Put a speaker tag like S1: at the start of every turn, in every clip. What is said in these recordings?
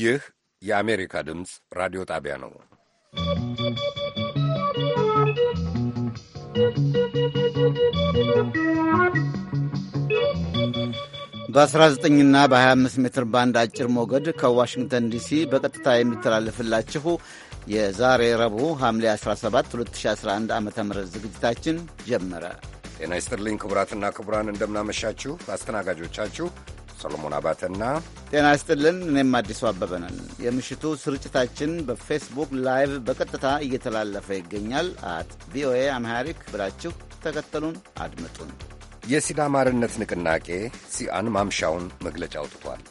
S1: ይህ የአሜሪካ ድምፅ ራዲዮ ጣቢያ ነው።
S2: በ19ና በ25 ሜትር ባንድ አጭር ሞገድ ከዋሽንግተን ዲሲ በቀጥታ የሚተላለፍላችሁ የዛሬ ረቡዕ ሐምሌ 17 2011 ዓ ም ዝግጅታችን ጀመረ። ጤና ይስጥልኝ ክቡራትና ክቡራን፣ እንደምናመሻችሁ። አስተናጋጆቻችሁ ሰሎሞን አባተና ጤና ይስጥልን። እኔም አዲሱ አበበ ነን። የምሽቱ ስርጭታችን በፌስቡክ ላይቭ በቀጥታ እየተላለፈ ይገኛል። አት ቪኦኤ አምሃሪክ ብላችሁ ተከተሉን፣ አድምጡን።
S1: የሲዳማ አርነት ንቅናቄ ሲአን ማምሻውን መግለጫ አውጥቷል።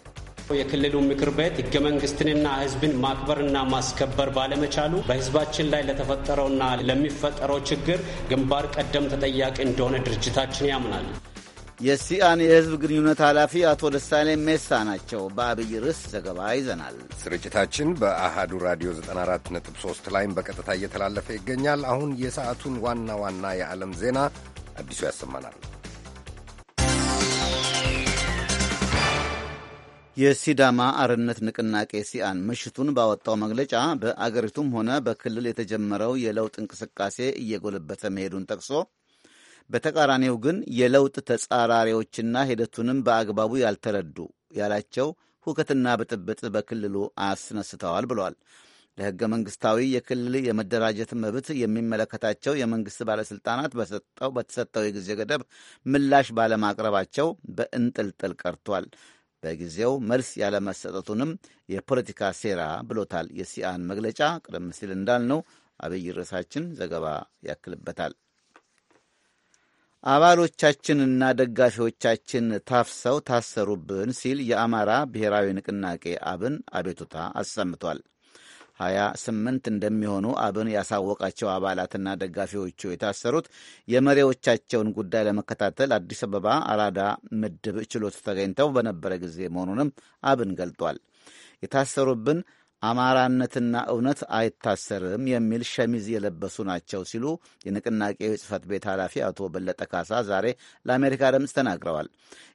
S3: የክልሉ ምክር ቤት ህገ መንግስትንና ህዝብን ማክበርና ማስከበር ባለመቻሉ በህዝባችን ላይ ለተፈጠረውና ለሚፈጠረው ችግር ግንባር ቀደም ተጠያቂ እንደሆነ ድርጅታችን ያምናል።
S2: የሲአን የህዝብ ግንኙነት ኃላፊ አቶ ደሳሌ ሜሳ ናቸው። በአብይ ርዕስ ዘገባ ይዘናል።
S1: ስርጭታችን በአሃዱ ራዲዮ 94.3 ላይም በቀጥታ እየተላለፈ ይገኛል። አሁን የሰዓቱን ዋና ዋና የዓለም
S2: ዜና አዲሱ ያሰማናል። የሲዳማ አርነት ንቅናቄ ሲአን ምሽቱን ባወጣው መግለጫ በአገሪቱም ሆነ በክልል የተጀመረው የለውጥ እንቅስቃሴ እየጎለበተ መሄዱን ጠቅሶ በተቃራኒው ግን የለውጥ ተጻራሪዎችና ሂደቱንም በአግባቡ ያልተረዱ ያላቸው ሁከትና ብጥብጥ በክልሉ አስነስተዋል ብሏል። ለሕገ መንግሥታዊ የክልል የመደራጀት መብት የሚመለከታቸው የመንግሥት ባለሥልጣናት በተሰጠው የጊዜ ገደብ ምላሽ ባለማቅረባቸው በእንጥልጥል ቀርቷል። በጊዜው መልስ ያለመሰጠቱንም የፖለቲካ ሴራ ብሎታል። የሲአን መግለጫ ቀደም ሲል እንዳልነው አብይ ርዕሳችን ዘገባ ያክልበታል። አባሎቻችንና ደጋፊዎቻችን ታፍሰው ታሰሩብን ሲል የአማራ ብሔራዊ ንቅናቄ አብን አቤቱታ አሰምቷል። ሀያ ስምንት እንደሚሆኑ አብን ያሳወቃቸው አባላትና ደጋፊዎቹ የታሰሩት የመሪዎቻቸውን ጉዳይ ለመከታተል አዲስ አበባ አራዳ ምድብ ችሎት ተገኝተው በነበረ ጊዜ መሆኑንም አብን ገልጧል። የታሰሩብን አማራነትና እውነት አይታሰርም የሚል ሸሚዝ የለበሱ ናቸው ሲሉ የንቅናቄው ጽህፈት ቤት ኃላፊ አቶ በለጠ ካሳ ዛሬ ለአሜሪካ ድምፅ ተናግረዋል።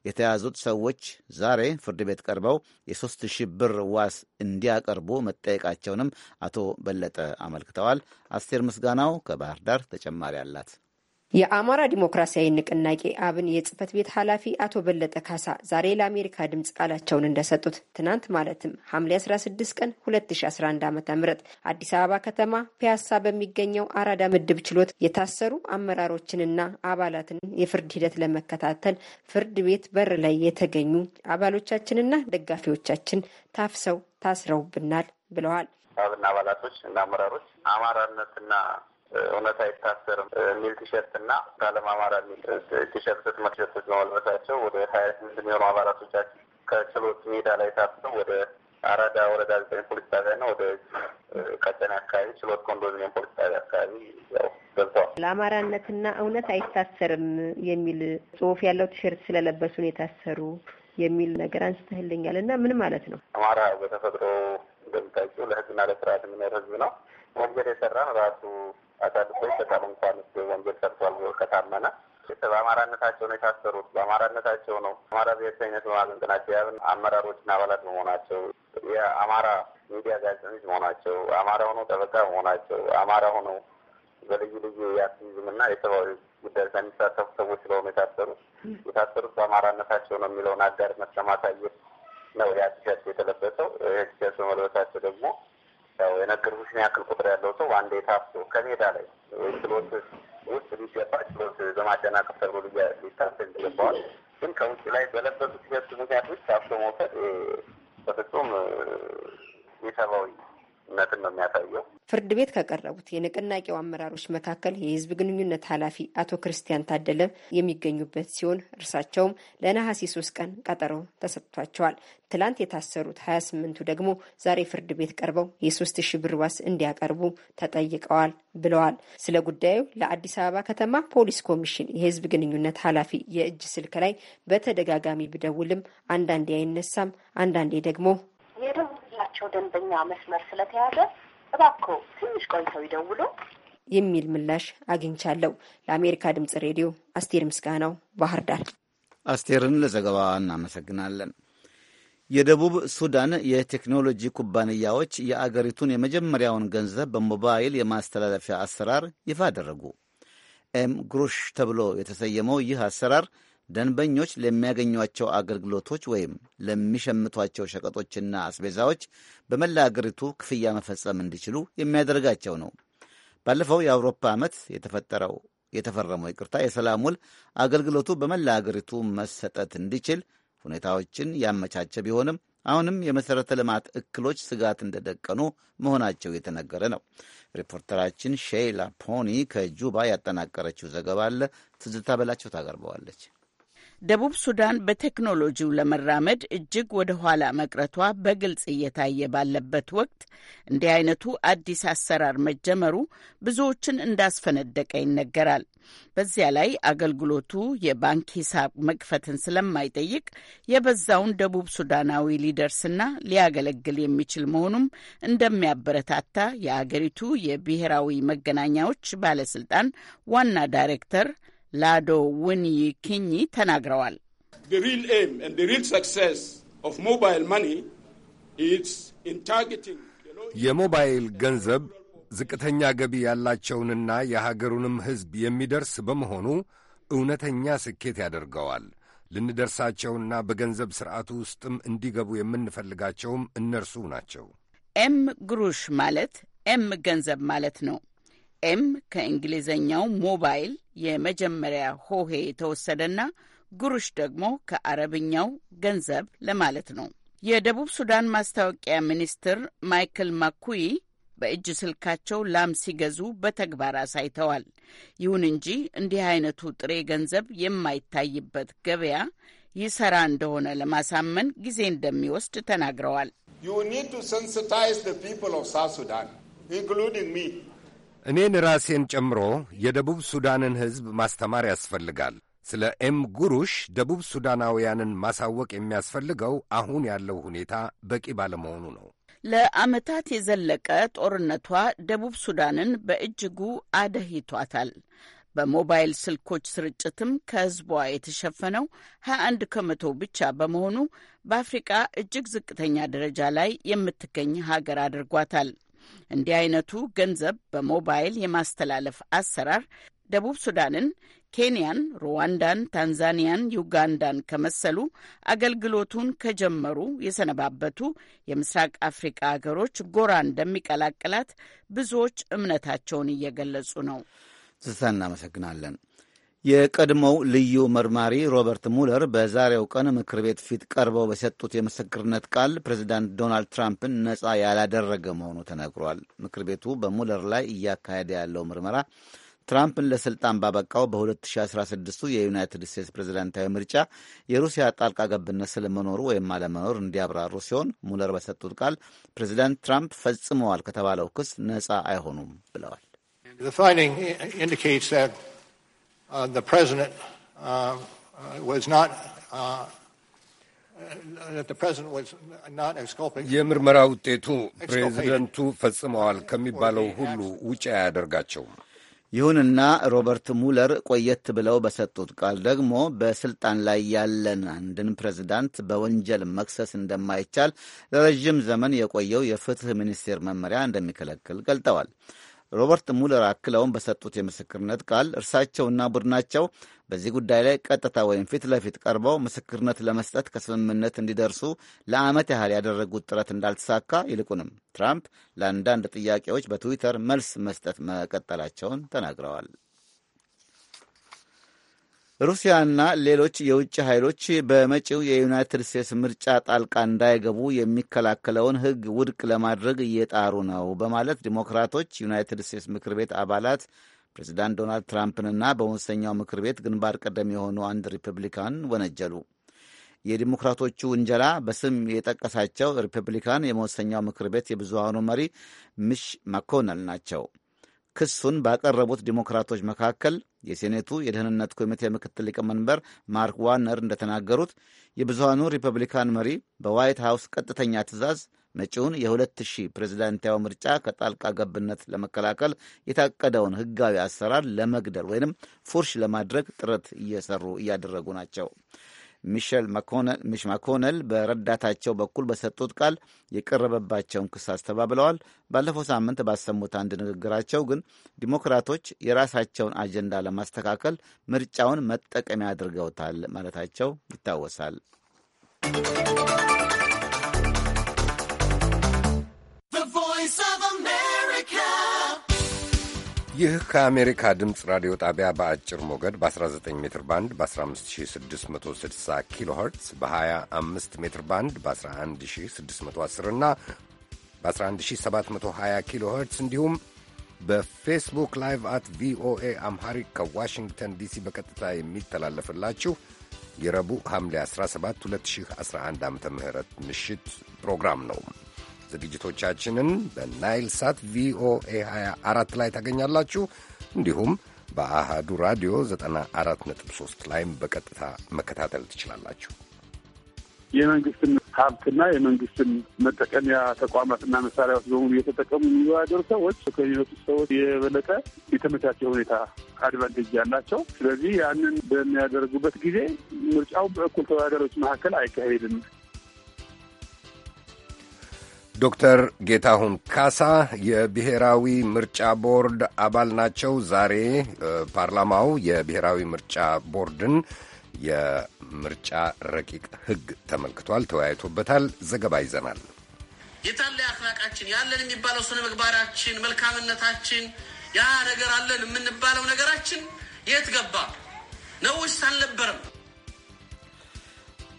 S2: የተያዙት ሰዎች ዛሬ ፍርድ ቤት ቀርበው የሶስት ሺህ ብር ዋስ እንዲያቀርቡ መጠየቃቸውንም አቶ በለጠ አመልክተዋል። አስቴር ምስጋናው ከባህር ዳር ተጨማሪ አላት።
S4: የአማራ ዲሞክራሲያዊ ንቅናቄ አብን የጽህፈት ቤት ኃላፊ አቶ በለጠ ካሳ ዛሬ ለአሜሪካ ድምፅ ቃላቸውን እንደሰጡት ትናንት ማለትም ሐምሌ 16 ቀን 2011 ዓ ም አዲስ አበባ ከተማ ፒያሳ በሚገኘው አራዳ ምድብ ችሎት የታሰሩ አመራሮችንና አባላትን የፍርድ ሂደት ለመከታተል ፍርድ ቤት በር ላይ የተገኙ አባሎቻችንና ደጋፊዎቻችን ታፍሰው ታስረውብናል ብለዋል።
S5: አብን አባላቶች እና አመራሮች አማራነትና እውነት አይታሰርም የሚል ቲሸርት እና ከአለም አማራ የሚል ቲሸርት መሸርቶች በመልበሳቸው ወደ ሀያ ስምንት የሚሆኑ አባላቶቻችን ከችሎት ሜዳ ላይ ታፍሰው ወደ አራዳ ወረዳ ዘጠኝ ፖሊስ ጣቢያ ና ወደ ቀጠና አካባቢ ችሎት ኮንዶሚኒየም ፖሊስ ጣቢያ አካባቢ ያው
S4: ለአማራነትና እውነት አይታሰርም የሚል ጽሁፍ ያለው ቲሸርት ስለለበሱ ነው የታሰሩ የሚል ነገር አንስተህልኛል እና ምን ማለት ነው?
S5: አማራ በተፈጥሮ እንደምታውቂው ለህግና ለስርዓት የሚኖር ህዝብ ነው። ወንጀል የሰራን ራሱ አሳልፎ ይሰጣል። እንኳን ስ ወንጀል ሰርቷል ብሎ ከታመነ በአማራነታቸው ነው የታሰሩት። በአማራነታቸው ነው አማራ ብሔርተኝነት በማዘንጥናቸው የያዝን አመራሮችና አባላት በመሆናቸው የአማራ ሚዲያ ጋዜጠኞች መሆናቸው አማራ ሆነው ጠበቃ መሆናቸው አማራ ሆነው በልዩ ልዩ የአክቲቪዝምና የሰብአዊ ጉዳይ ከሚሳተፉ ሰዎች ስለሆኑ የታሰሩት የታሰሩት በአማራነታቸው ነው የሚለውን አጋርነት ለማሳየት ነው ያ ቲሸርት የተለበሰው። ይህ ቲሸርት በመልበሳቸው ደግሞ ያው የነገርኩሽን ያክል ቁጥር ያለው ሰው አንዴ ታፍሶ ከሜዳ ላይ ወይ ችሎት ውስጥ ሊገባ ችሎት በማደናቀፍ ተብሎ ሊታሰብ ይገባዋል። ግን ከውጭ ላይ በለበሱ ሲገቱ ምክንያቶች ታፍሶ መውሰድ በፍጹም የሰብአዊነትን ነው የሚያሳየው።
S4: ፍርድ ቤት ከቀረቡት የንቅናቄው አመራሮች መካከል የህዝብ ግንኙነት ኃላፊ አቶ ክርስቲያን ታደለ የሚገኙበት ሲሆን እርሳቸውም ለነሐሴ ሶስት ቀን ቀጠሮ ተሰጥቷቸዋል። ትላንት የታሰሩት ሀያ ስምንቱ ደግሞ ዛሬ ፍርድ ቤት ቀርበው የሶስት ሺህ ብር ዋስ እንዲያቀርቡ ተጠይቀዋል ብለዋል። ስለ ጉዳዩ ለአዲስ አበባ ከተማ ፖሊስ ኮሚሽን የህዝብ ግንኙነት ኃላፊ የእጅ ስልክ ላይ በተደጋጋሚ ብደውልም አንዳንዴ አይነሳም፣ አንዳንዴ ደግሞ
S5: የደውላቸው ደንበኛ መስመር ስለተያዘ እባክዎ ትንሽ ቆይተው ይደውሉ
S4: የሚል ምላሽ አግኝቻለሁ። ለአሜሪካ ድምጽ ሬዲዮ አስቴር ምስጋናው ባህር ዳር።
S2: አስቴርን ለዘገባ እናመሰግናለን። የደቡብ ሱዳን የቴክኖሎጂ ኩባንያዎች የአገሪቱን የመጀመሪያውን ገንዘብ በሞባይል የማስተላለፊያ አሰራር ይፋ አደረጉ። ኤም ግሩሽ ተብሎ የተሰየመው ይህ አሰራር ደንበኞች ለሚያገኟቸው አገልግሎቶች ወይም ለሚሸምቷቸው ሸቀጦችና አስቤዛዎች በመላ አገሪቱ ክፍያ መፈጸም እንዲችሉ የሚያደርጋቸው ነው። ባለፈው የአውሮፓ ዓመት የተፈጠረው የተፈረመው ይቅርታ የሰላም ውል አገልግሎቱ በመላ አገሪቱ መሰጠት እንዲችል ሁኔታዎችን ያመቻቸ ቢሆንም አሁንም የመሠረተ ልማት እክሎች ስጋት እንደደቀኑ መሆናቸው የተነገረ ነው። ሪፖርተራችን ሼይላ ፖኒ ከጁባ ያጠናቀረችው ዘገባ አለ። ትዝታ በላቸው ታቀርበዋለች።
S6: ደቡብ ሱዳን በቴክኖሎጂው ለመራመድ እጅግ ወደ ኋላ መቅረቷ በግልጽ እየታየ ባለበት ወቅት እንዲህ አይነቱ አዲስ አሰራር መጀመሩ ብዙዎችን እንዳስፈነደቀ ይነገራል። በዚያ ላይ አገልግሎቱ የባንክ ሂሳብ መክፈትን ስለማይጠይቅ የበዛውን ደቡብ ሱዳናዊ ሊደርስና ሊያገለግል የሚችል መሆኑም እንደሚያበረታታ የአገሪቱ የብሔራዊ መገናኛዎች ባለስልጣን ዋና ዳይሬክተር ላዶ ውንይ ኪኝ ተናግረዋል።
S1: የሞባይል ገንዘብ ዝቅተኛ ገቢ ያላቸውንና የሀገሩንም ሕዝብ የሚደርስ በመሆኑ እውነተኛ ስኬት ያደርገዋል። ልንደርሳቸውና በገንዘብ ሥርዓቱ ውስጥም እንዲገቡ የምንፈልጋቸውም እነርሱ ናቸው።
S6: ኤም ግሩሽ ማለት ኤም ገንዘብ ማለት ነው። ኤም ከእንግሊዘኛው ሞባይል የመጀመሪያ ሆሄ የተወሰደና ጉሩሽ ደግሞ ከአረብኛው ገንዘብ ለማለት ነው። የደቡብ ሱዳን ማስታወቂያ ሚኒስትር ማይክል ማኩይ በእጅ ስልካቸው ላም ሲገዙ በተግባር አሳይተዋል። ይሁን እንጂ እንዲህ አይነቱ ጥሬ ገንዘብ የማይታይበት ገበያ ይሰራ እንደሆነ ለማሳመን ጊዜ እንደሚወስድ ተናግረዋል።
S1: እኔን ራሴን ጨምሮ የደቡብ ሱዳንን ሕዝብ ማስተማር ያስፈልጋል። ስለ ኤም ጉሩሽ ደቡብ ሱዳናውያንን ማሳወቅ የሚያስፈልገው አሁን ያለው ሁኔታ በቂ ባለመሆኑ ነው።
S6: ለዓመታት የዘለቀ ጦርነቷ ደቡብ ሱዳንን በእጅጉ አደሂቷታል። በሞባይል ስልኮች ስርጭትም ከህዝቧ የተሸፈነው 21 ከመቶ ብቻ በመሆኑ በአፍሪቃ እጅግ ዝቅተኛ ደረጃ ላይ የምትገኝ ሀገር አድርጓታል። እንዲህ አይነቱ ገንዘብ በሞባይል የማስተላለፍ አሰራር ደቡብ ሱዳንን፣ ኬንያን፣ ሩዋንዳን፣ ታንዛኒያን፣ ዩጋንዳን ከመሰሉ አገልግሎቱን ከጀመሩ የሰነባበቱ የምስራቅ አፍሪቃ ሀገሮች ጎራ እንደሚቀላቅላት ብዙዎች እምነታቸውን እየገለጹ ነው።
S2: ዝታ እናመሰግናለን። የቀድሞው ልዩ መርማሪ ሮበርት ሙለር በዛሬው ቀን ምክር ቤት ፊት ቀርበው በሰጡት የምስክርነት ቃል ፕሬዚዳንት ዶናልድ ትራምፕን ነፃ ያላደረገ መሆኑ ተነግሯል። ምክር ቤቱ በሙለር ላይ እያካሄደ ያለው ምርመራ ትራምፕን ለስልጣን ባበቃው በ2016 የዩናይትድ ስቴትስ ፕሬዚዳንታዊ ምርጫ የሩሲያ ጣልቃ ገብነት ስለመኖሩ ወይም አለመኖር እንዲያብራሩ ሲሆን ሙለር በሰጡት ቃል ፕሬዚዳንት ትራምፕ ፈጽመዋል ከተባለው ክስ ነፃ አይሆኑም ብለዋል።
S1: the president was not የምርመራ ውጤቱ ፕሬዚደንቱ ፈጽመዋል
S2: ከሚባለው ሁሉ ውጭ አያደርጋቸውም። ይሁንና ሮበርት ሙለር ቆየት ብለው በሰጡት ቃል ደግሞ በስልጣን ላይ ያለን አንድን ፕሬዚዳንት በወንጀል መክሰስ እንደማይቻል ለረዥም ዘመን የቆየው የፍትህ ሚኒስቴር መመሪያ እንደሚከለክል ገልጠዋል። ሮበርት ሙለር አክለውን በሰጡት የምስክርነት ቃል እርሳቸውና ቡድናቸው በዚህ ጉዳይ ላይ ቀጥታ ወይም ፊት ለፊት ቀርበው ምስክርነት ለመስጠት ከስምምነት እንዲደርሱ ለዓመት ያህል ያደረጉት ጥረት እንዳልተሳካ፣ ይልቁንም ትራምፕ ለአንዳንድ ጥያቄዎች በትዊተር መልስ መስጠት መቀጠላቸውን ተናግረዋል። ሩሲያና ሌሎች የውጭ ኃይሎች በመጪው የዩናይትድ ስቴትስ ምርጫ ጣልቃ እንዳይገቡ የሚከላከለውን ሕግ ውድቅ ለማድረግ እየጣሩ ነው በማለት ዲሞክራቶች ዩናይትድ ስቴትስ ምክር ቤት አባላት ፕሬዚዳንት ዶናልድ ትራምፕንና በመወሰኛው ምክር ቤት ግንባር ቀደም የሆኑ አንድ ሪፐብሊካን ወነጀሉ። የዲሞክራቶቹ ውንጀላ በስም የጠቀሳቸው ሪፐብሊካን የመወሰኛው ምክር ቤት የብዙሃኑ መሪ ምሽ ማኮነል ናቸው። ክሱን ባቀረቡት ዲሞክራቶች መካከል የሴኔቱ የደህንነት ኮሚቴ ምክትል ሊቀመንበር ማርክ ዋነር እንደተናገሩት የብዙሃኑ ሪፐብሊካን መሪ በዋይት ሃውስ ቀጥተኛ ትዕዛዝ መጪውን የ2000 ፕሬዝዳንታዊ ምርጫ ከጣልቃ ገብነት ለመከላከል የታቀደውን ህጋዊ አሰራር ለመግደል ወይንም ፉርሽ ለማድረግ ጥረት እየሰሩ እያደረጉ ናቸው። ሚሸል ማኮነል በረዳታቸው በኩል በሰጡት ቃል የቀረበባቸውን ክስ አስተባብለዋል። ባለፈው ሳምንት ባሰሙት አንድ ንግግራቸው ግን ዲሞክራቶች የራሳቸውን አጀንዳ ለማስተካከል ምርጫውን መጠቀሚያ አድርገውታል ማለታቸው ይታወሳል።
S1: ይህ ከአሜሪካ ድምፅ ራዲዮ ጣቢያ በአጭር ሞገድ በ19 ሜትር ባንድ በ15660 ኪሎ ኸርትዝ በ25 ሜትር ባንድ በ11610 እና በ11720 ኪሎ ኸርትዝ እንዲሁም በፌስቡክ ላይቭ አት ቪኦኤ አምሃሪክ ከዋሽንግተን ዲሲ በቀጥታ የሚተላለፍላችሁ የረቡዕ ሐምሌ 17 2011 ዓ ም ምሽት ፕሮግራም ነው። ዝግጅቶቻችንን በናይል ሳት ቪኦኤ 24 ላይ ታገኛላችሁ። እንዲሁም በአሃዱ ራዲዮ 94.3 ላይም በቀጥታ መከታተል ትችላላችሁ።
S7: የመንግስትን ሀብትና የመንግስትን መጠቀሚያ ተቋማትና መሳሪያዎች በሙሉ እየተጠቀሙ የሚወዳደሩ ሰዎች ከሚመጡ ሰዎች የበለጠ የተመቻቸ ሁኔታ አድቫንቴጅ ያላቸው። ስለዚህ ያንን በሚያደርጉበት ጊዜ ምርጫው በእኩል ተወዳዳሪዎች መካከል አይካሄድም።
S1: ዶክተር ጌታሁን ካሳ የብሔራዊ ምርጫ ቦርድ አባል ናቸው። ዛሬ ፓርላማው የብሔራዊ ምርጫ ቦርድን የምርጫ ረቂቅ ሕግ ተመልክቷል፣ ተወያይቶበታል። ዘገባ ይዘናል።
S8: የታለ አክላቃችን ያለን የሚባለው ስነ ምግባራችን፣ መልካምነታችን ያ ነገር አለን የምንባለው ነገራችን የት ገባ ነው? አልነበረም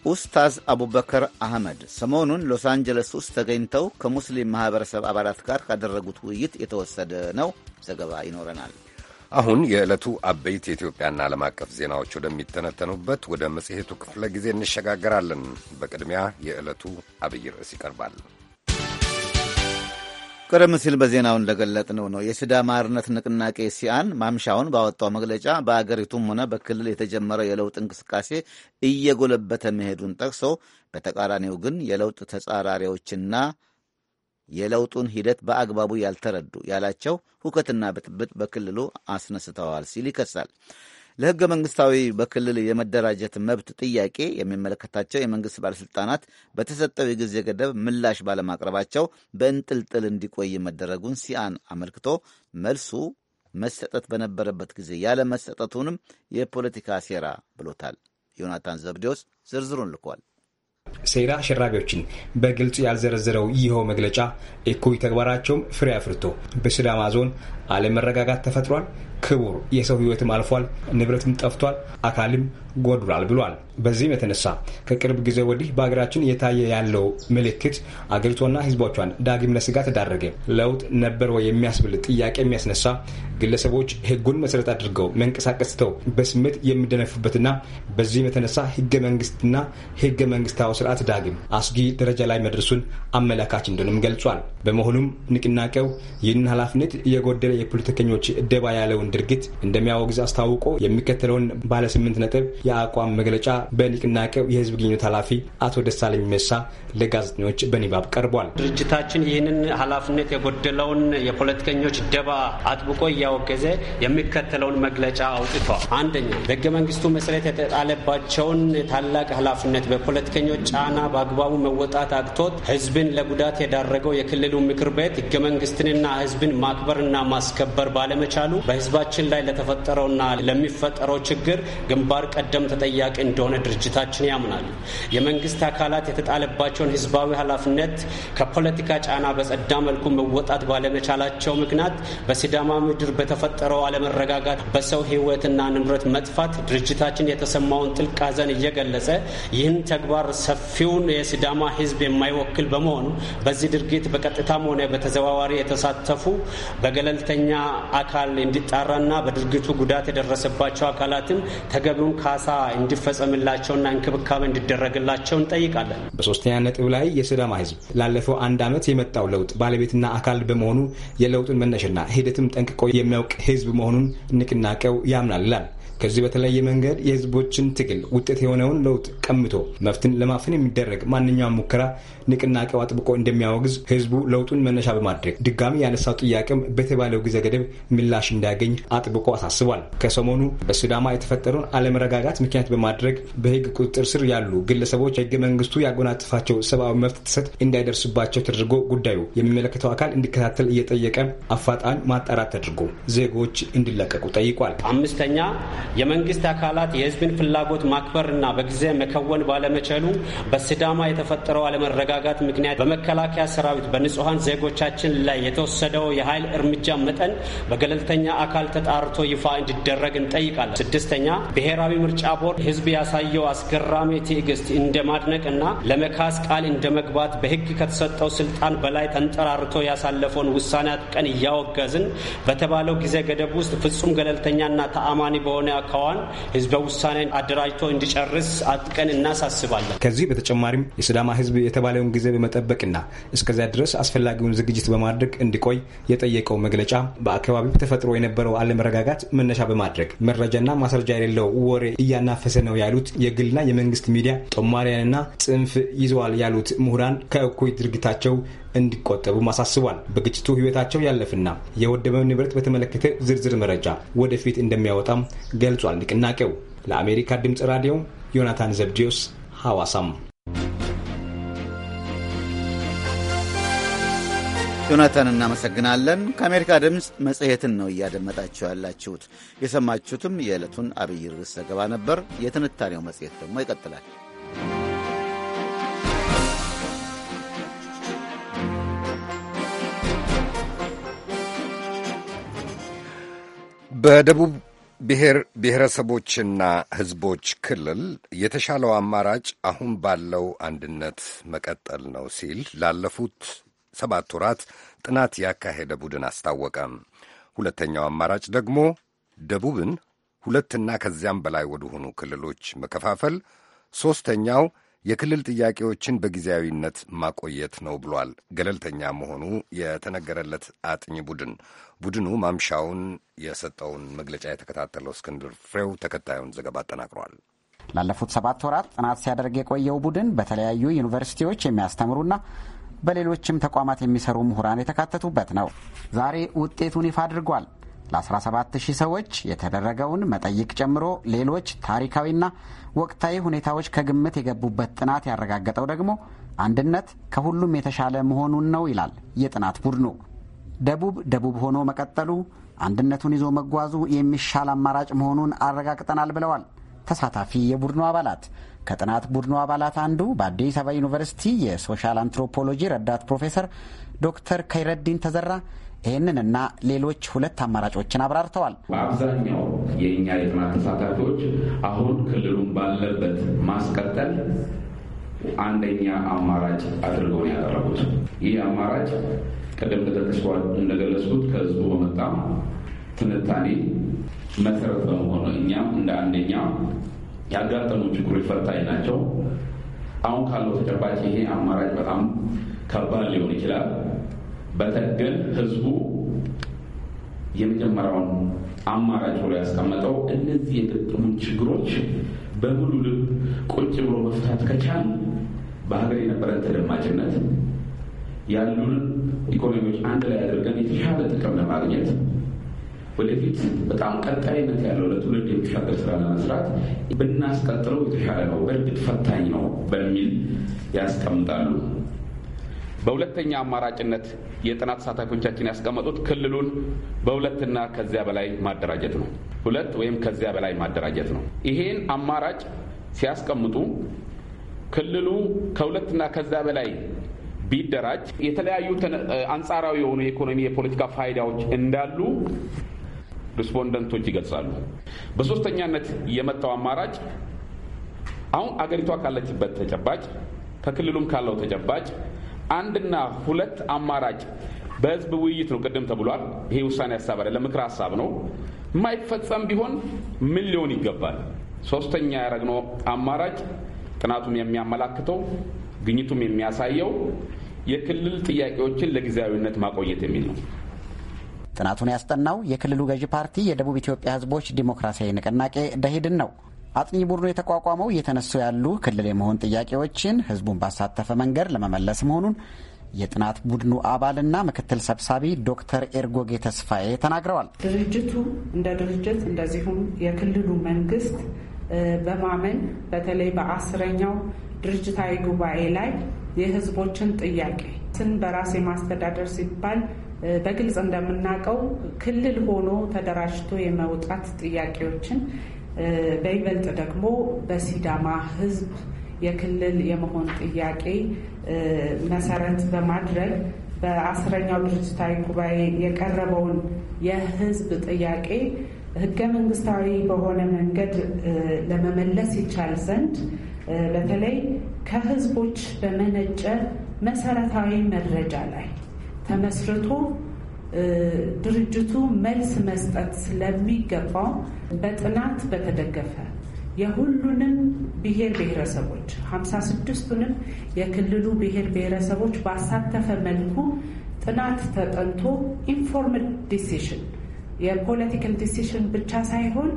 S2: ኡስታዝ አቡበከር አህመድ ሰሞኑን ሎስ አንጀለስ ውስጥ ተገኝተው ከሙስሊም ማህበረሰብ አባላት ጋር ካደረጉት ውይይት የተወሰደ ነው። ዘገባ ይኖረናል።
S1: አሁን የዕለቱ አበይት የኢትዮጵያና ዓለም አቀፍ ዜናዎች ወደሚተነተኑበት ወደ መጽሔቱ ክፍለ ጊዜ እንሸጋገራለን። በቅድሚያ የዕለቱ አብይ ርዕስ ይቀርባል።
S2: ቀደም ሲል በዜናው እንደገለጥነው ነው የሲዳማ አርነት ንቅናቄ ሲአን ማምሻውን ባወጣው መግለጫ በአገሪቱም ሆነ በክልል የተጀመረው የለውጥ እንቅስቃሴ እየጎለበተ መሄዱን ጠቅሶ በተቃራኒው ግን የለውጥ ተጻራሪዎችና የለውጡን ሂደት በአግባቡ ያልተረዱ ያላቸው ሁከትና ብጥብጥ በክልሉ አስነስተዋል ሲል ይከሳል። ለሕገ መንግሥታዊ በክልል የመደራጀት መብት ጥያቄ የሚመለከታቸው የመንግሥት ባለሥልጣናት በተሰጠው የጊዜ ገደብ ምላሽ ባለማቅረባቸው በእንጥልጥል እንዲቆይ መደረጉን ሲአን አመልክቶ መልሱ መሰጠት በነበረበት ጊዜ ያለ መሰጠቱንም የፖለቲካ ሴራ ብሎታል። ዮናታን ዘብዴዎስ ዝርዝሩን ልኳል። ሴራ
S9: አሸራቢዎችን በግልጽ ያልዘረዘረው ይኸው መግለጫ እኩይ ተግባራቸውም ፍሬ አፍርቶ በሲዳማ ዞን አለመረጋጋት ተፈጥሯል። ክቡር የሰው ህይወትም አልፏል፣ ንብረትም ጠፍቷል፣ አካልም ጎድሏል ብሏል። በዚህም የተነሳ ከቅርብ ጊዜ ወዲህ በሀገራችን የታየ ያለው ምልክት አገሪቷና ሕዝቦቿን ዳግም ለስጋት ተዳረገ ለውጥ ነበር ወይ የሚያስብል ጥያቄ የሚያስነሳ ግለሰቦች ህጉን መሰረት አድርገው መንቀሳቀስ ትተው በስሜት የሚደነፉበትና በዚህም የተነሳ ህገ መንግስትና ህገ መንግስታዊ ስርዓት ዳግም አስጊ ደረጃ ላይ መድረሱን አመላካች እንደሆንም ገልጿል። በመሆኑም ንቅናቄው ይህንን ኃላፊነት የጎደለ የክልል የፖለቲከኞች ደባ ያለውን ድርጊት እንደሚያወግዝ አስታውቆ የሚከተለውን ባለ ስምንት ነጥብ የአቋም መግለጫ በንቅናቄው የህዝብ ግንኙነት ኃላፊ አቶ ደሳለኝ መሳ ለጋዜጠኞች በንባብ ቀርቧል።
S3: ድርጅታችን ይህንን ኃላፊነት የጎደለውን የፖለቲከኞች ደባ አጥብቆ እያወገዘ የሚከተለውን መግለጫ አውጥቷል። አንደኛ በህገ መንግስቱ መሰረት የተጣለባቸውን ታላቅ ኃላፊነት በፖለቲከኞች ጫና በአግባቡ መወጣት አቅቶት ህዝብን ለጉዳት የዳረገው የክልሉ ምክር ቤት ህገ መንግስትንና ህዝብን ማክበርና ማስ ማስከበር ባለመቻሉ በህዝባችን ላይ ለተፈጠረውና ለሚፈጠረው ችግር ግንባር ቀደም ተጠያቂ እንደሆነ ድርጅታችን ያምናል። የመንግስት አካላት የተጣለባቸውን ህዝባዊ ኃላፊነት ከፖለቲካ ጫና በጸዳ መልኩ መወጣት ባለመቻላቸው ምክንያት በሲዳማ ምድር በተፈጠረው አለመረጋጋት፣ በሰው ህይወትና ንብረት መጥፋት ድርጅታችን የተሰማውን ጥልቅ ሀዘን እየገለጸ ይህን ተግባር ሰፊውን የሲዳማ ህዝብ የማይወክል በመሆኑ በዚህ ድርጊት በቀጥታም ሆነ በተዘዋዋሪ የተሳተፉ በገለልተ በገለልተኛ አካል እንዲጣራና በድርጊቱ ጉዳት የደረሰባቸው አካላትም ተገቢውን ካሳ እንዲፈጸምላቸውና እንክብካቤ እንዲደረግላቸው እንጠይቃለን።
S9: በሶስተኛ ነጥብ ላይ የሲዳማ ህዝብ ላለፈው አንድ ዓመት የመጣው ለውጥ ባለቤትና አካል በመሆኑ የለውጡን መነሻና ሂደትም ጠንቅቆ የሚያውቅ ህዝብ መሆኑን ንቅናቄው ያምናል ይላል። ከዚህ በተለያየ መንገድ የህዝቦችን ትግል ውጤት የሆነውን ለውጥ ቀምቶ መፍትን ለማፈን የሚደረግ ማንኛውም ሙከራ ንቅናቄው አጥብቆ እንደሚያወግዝ ህዝቡ ለውጡን መነሻ በማድረግ ድጋሚ ያነሳው ጥያቄም በተባለው ጊዜ ገደብ ምላሽ እንዳያገኝ አጥብቆ አሳስቧል። ከሰሞኑ በሱዳማ የተፈጠረውን አለመረጋጋት ምክንያት በማድረግ በህግ ቁጥጥር ስር ያሉ ግለሰቦች ህገ መንግስቱ ያጎናጽፋቸው ሰብአዊ መብት ጥሰት እንዳይደርስባቸው ተደርጎ ጉዳዩ የሚመለከተው አካል እንዲከታተል እየጠየቀ አፋጣኝ ማጣራት ተደርጎ ዜጎች እንዲለቀቁ ጠይቋል። አምስተኛ የመንግስት
S3: አካላት የህዝብን ፍላጎት ማክበርና በጊዜ መከወን ባለመቻሉ በሲዳማ የተፈጠረው አለመረጋጋት ምክንያት በመከላከያ ሰራዊት በንጹሐን ዜጎቻችን ላይ የተወሰደው የኃይል እርምጃ መጠን በገለልተኛ አካል ተጣርቶ ይፋ እንዲደረግ እንጠይቃለን። ስድስተኛ ብሔራዊ ምርጫ ቦርድ ህዝብ ያሳየው አስገራሚ ትዕግስት እንደ ማድነቅ እና ለመካስ ቃል እንደ መግባት በህግ ከተሰጠው ስልጣን በላይ ተንጠራርቶ ያሳለፈውን ውሳኔ አጥብቀን እያወገዝን በተባለው ጊዜ ገደብ ውስጥ ፍጹም ገለልተኛና ተአማኒ በሆነ ከዋን ህዝበ ውሳኔን አደራጅቶ እንዲጨርስ አጥቀን እናሳስባለን።
S9: ከዚህ በተጨማሪም የስዳማ ህዝብ የተባለውን ጊዜ በመጠበቅና እስከዚያ ድረስ አስፈላጊውን ዝግጅት በማድረግ እንዲቆይ የጠየቀው መግለጫ በአካባቢው ተፈጥሮ የነበረው አለመረጋጋት መነሻ በማድረግ መረጃና ማስረጃ የሌለው ወሬ እያናፈሰ ነው ያሉት የግልና የመንግስት ሚዲያ ጦማሪያንና ጽንፍ ይዘዋል ያሉት ምሁራን ከእኩይ ድርጊታቸው እንዲቆጠቡም አሳስቧል። በግጭቱ ህይወታቸው ያለፍና የወደመው ንብረት በተመለከተ ዝርዝር መረጃ ወደፊት እንደሚያወጣም ገልጿል። ንቅናቄው ለአሜሪካ ድምፅ ራዲዮ ዮናታን ዘብዲዮስ ሐዋሳም።
S2: ዮናታን እናመሰግናለን። ከአሜሪካ ድምፅ መጽሔትን ነው እያደመጣችሁ ያላችሁት። የሰማችሁትም የዕለቱን አብይ ርዕስ ዘገባ ነበር። የትንታኔው መጽሔት ደግሞ ይቀጥላል።
S1: በደቡብ ብሔር ብሔረሰቦችና ሕዝቦች ክልል የተሻለው አማራጭ አሁን ባለው አንድነት መቀጠል ነው ሲል ላለፉት ሰባት ወራት ጥናት ያካሄደ ቡድን አስታወቀ። ሁለተኛው አማራጭ ደግሞ ደቡብን ሁለትና ከዚያም በላይ ወደሆኑ ክልሎች መከፋፈል፣ ሦስተኛው የክልል ጥያቄዎችን በጊዜያዊነት ማቆየት ነው ብሏል። ገለልተኛ መሆኑ የተነገረለት አጥኚ ቡድን ቡድኑ ማምሻውን የሰጠውን መግለጫ የተከታተለው እስክንድር ፍሬው ተከታዩን ዘገባ አጠናቅሯል። ላለፉት ሰባት ወራት
S10: ጥናት ሲያደርግ የቆየው ቡድን በተለያዩ ዩኒቨርሲቲዎች የሚያስተምሩና በሌሎችም ተቋማት የሚሰሩ ምሁራን የተካተቱበት ነው። ዛሬ ውጤቱን ይፋ አድርጓል። ለ17000 ሰዎች የተደረገውን መጠይቅ ጨምሮ ሌሎች ታሪካዊና ወቅታዊ ሁኔታዎች ከግምት የገቡበት ጥናት ያረጋገጠው ደግሞ አንድነት ከሁሉም የተሻለ መሆኑን ነው ይላል የጥናት ቡድኑ። ደቡብ ደቡብ ሆኖ መቀጠሉ አንድነቱን ይዞ መጓዙ የሚሻል አማራጭ መሆኑን አረጋግጠናል ብለዋል ተሳታፊ የቡድኑ አባላት። ከጥናት ቡድኑ አባላት አንዱ በአዲስ አበባ ዩኒቨርሲቲ የሶሻል አንትሮፖሎጂ ረዳት ፕሮፌሰር ዶክተር ከይረዲን ተዘራ ይህንንና ሌሎች ሁለት አማራጮችን አብራርተዋል።
S11: በአብዛኛው የእኛ የጥናት ተሳታፊዎች አሁን ክልሉን ባለበት ማስቀጠል አንደኛ አማራጭ አድርገን ያቀረቡት ይህ አማራጭ ቅድም እንደገለጽኩት ከህዝቡ በመጣ ትንታኔ መሰረት በመሆኑ እኛም እንደ አንደኛ ያጋጠሙ ችግሮች ፈታኝ ናቸው። አሁን ካለው ተጨባጭ ይሄ አማራጭ በጣም ከባድ ሊሆን ይችላል በተገን ህዝቡ የመጀመሪያውን አማራጭ ብሎ ያስቀመጠው እነዚህ የገጠሙን ችግሮች በሙሉ ልብ ቁጭ ብሎ መፍታት ከቻል በሀገር የነበረን ተደማጭነት ያሉን ኢኮኖሚዎች አንድ ላይ አድርገን የተሻለ ጥቅም ለማግኘት ወደፊት በጣም ቀጣይነት ያለው ለትውልድ የሚሻገር ስራ ለመስራት ብናስቀጥለው የተሻለ ነው፣ በእርግጥ ፈታኝ ነው በሚል ያስቀምጣሉ። በሁለተኛ አማራጭነት የጥናት ተሳታፊዎቻችን ያስቀመጡት ክልሉን በሁለትና ከዚያ በላይ ማደራጀት ነው። ሁለት ወይም ከዚያ በላይ ማደራጀት ነው። ይሄን አማራጭ ሲያስቀምጡ ክልሉ ከሁለትና ከዚያ በላይ ቢደራጅ የተለያዩ አንጻራዊ የሆኑ የኢኮኖሚ፣ የፖለቲካ ፋይዳዎች እንዳሉ ሪስፖንደንቶች ይገልጻሉ። በሶስተኛነት የመጣው አማራጭ አሁን አገሪቷ ካለችበት ተጨባጭ ከክልሉም ካለው ተጨባጭ አንድና ሁለት አማራጭ በህዝብ ውይይት ነው። ቅድም ተብሏል። ይሄ ውሳኔ ሀሳብ አይደለም፣ ምክር ሀሳብ ነው። የማይፈጸም ቢሆን ምን ሊሆን ይገባል? ሶስተኛ ያደረግነው አማራጭ ጥናቱም የሚያመላክተው ግኝቱም የሚያሳየው የክልል ጥያቄዎችን ለጊዜያዊነት ማቆየት የሚል ነው።
S10: ጥናቱን ያስጠናው የክልሉ ገዢ ፓርቲ የደቡብ ኢትዮጵያ ህዝቦች ዲሞክራሲያዊ ንቅናቄ ደሄድን ነው። አጥኚ ቡድኑ የተቋቋመው እየተነሱ ያሉ ክልል የመሆን ጥያቄዎችን ህዝቡን ባሳተፈ መንገድ ለመመለስ መሆኑን የጥናት ቡድኑ አባልና ምክትል ሰብሳቢ ዶክተር ኤርጎጌ ተስፋዬ ተናግረዋል።
S12: ድርጅቱ እንደ ድርጅት እንደዚሁም የክልሉ መንግስት በማመን በተለይ በአስረኛው ድርጅታዊ ጉባኤ ላይ የህዝቦችን ጥያቄ ስን በራስ የማስተዳደር ሲባል በግልጽ እንደምናውቀው ክልል ሆኖ ተደራጅቶ የመውጣት ጥያቄዎችን በይበልጥ ደግሞ በሲዳማ ህዝብ የክልል የመሆን ጥያቄ መሰረት በማድረግ በአስረኛው ድርጅታዊ ጉባኤ የቀረበውን የህዝብ ጥያቄ ህገ መንግስታዊ በሆነ መንገድ ለመመለስ ይቻል ዘንድ በተለይ ከህዝቦች በመነጨ መሰረታዊ መረጃ ላይ ተመስርቶ ድርጅቱ መልስ መስጠት ስለሚገባው በጥናት በተደገፈ የሁሉንም ብሔር ብሔረሰቦች ሀምሳ ስድስቱንም የክልሉ ብሔር ብሔረሰቦች ባሳተፈ መልኩ ጥናት ተጠንቶ ኢንፎርምድ ዲሲሽን የፖለቲካል ዲሲሽን ብቻ ሳይሆን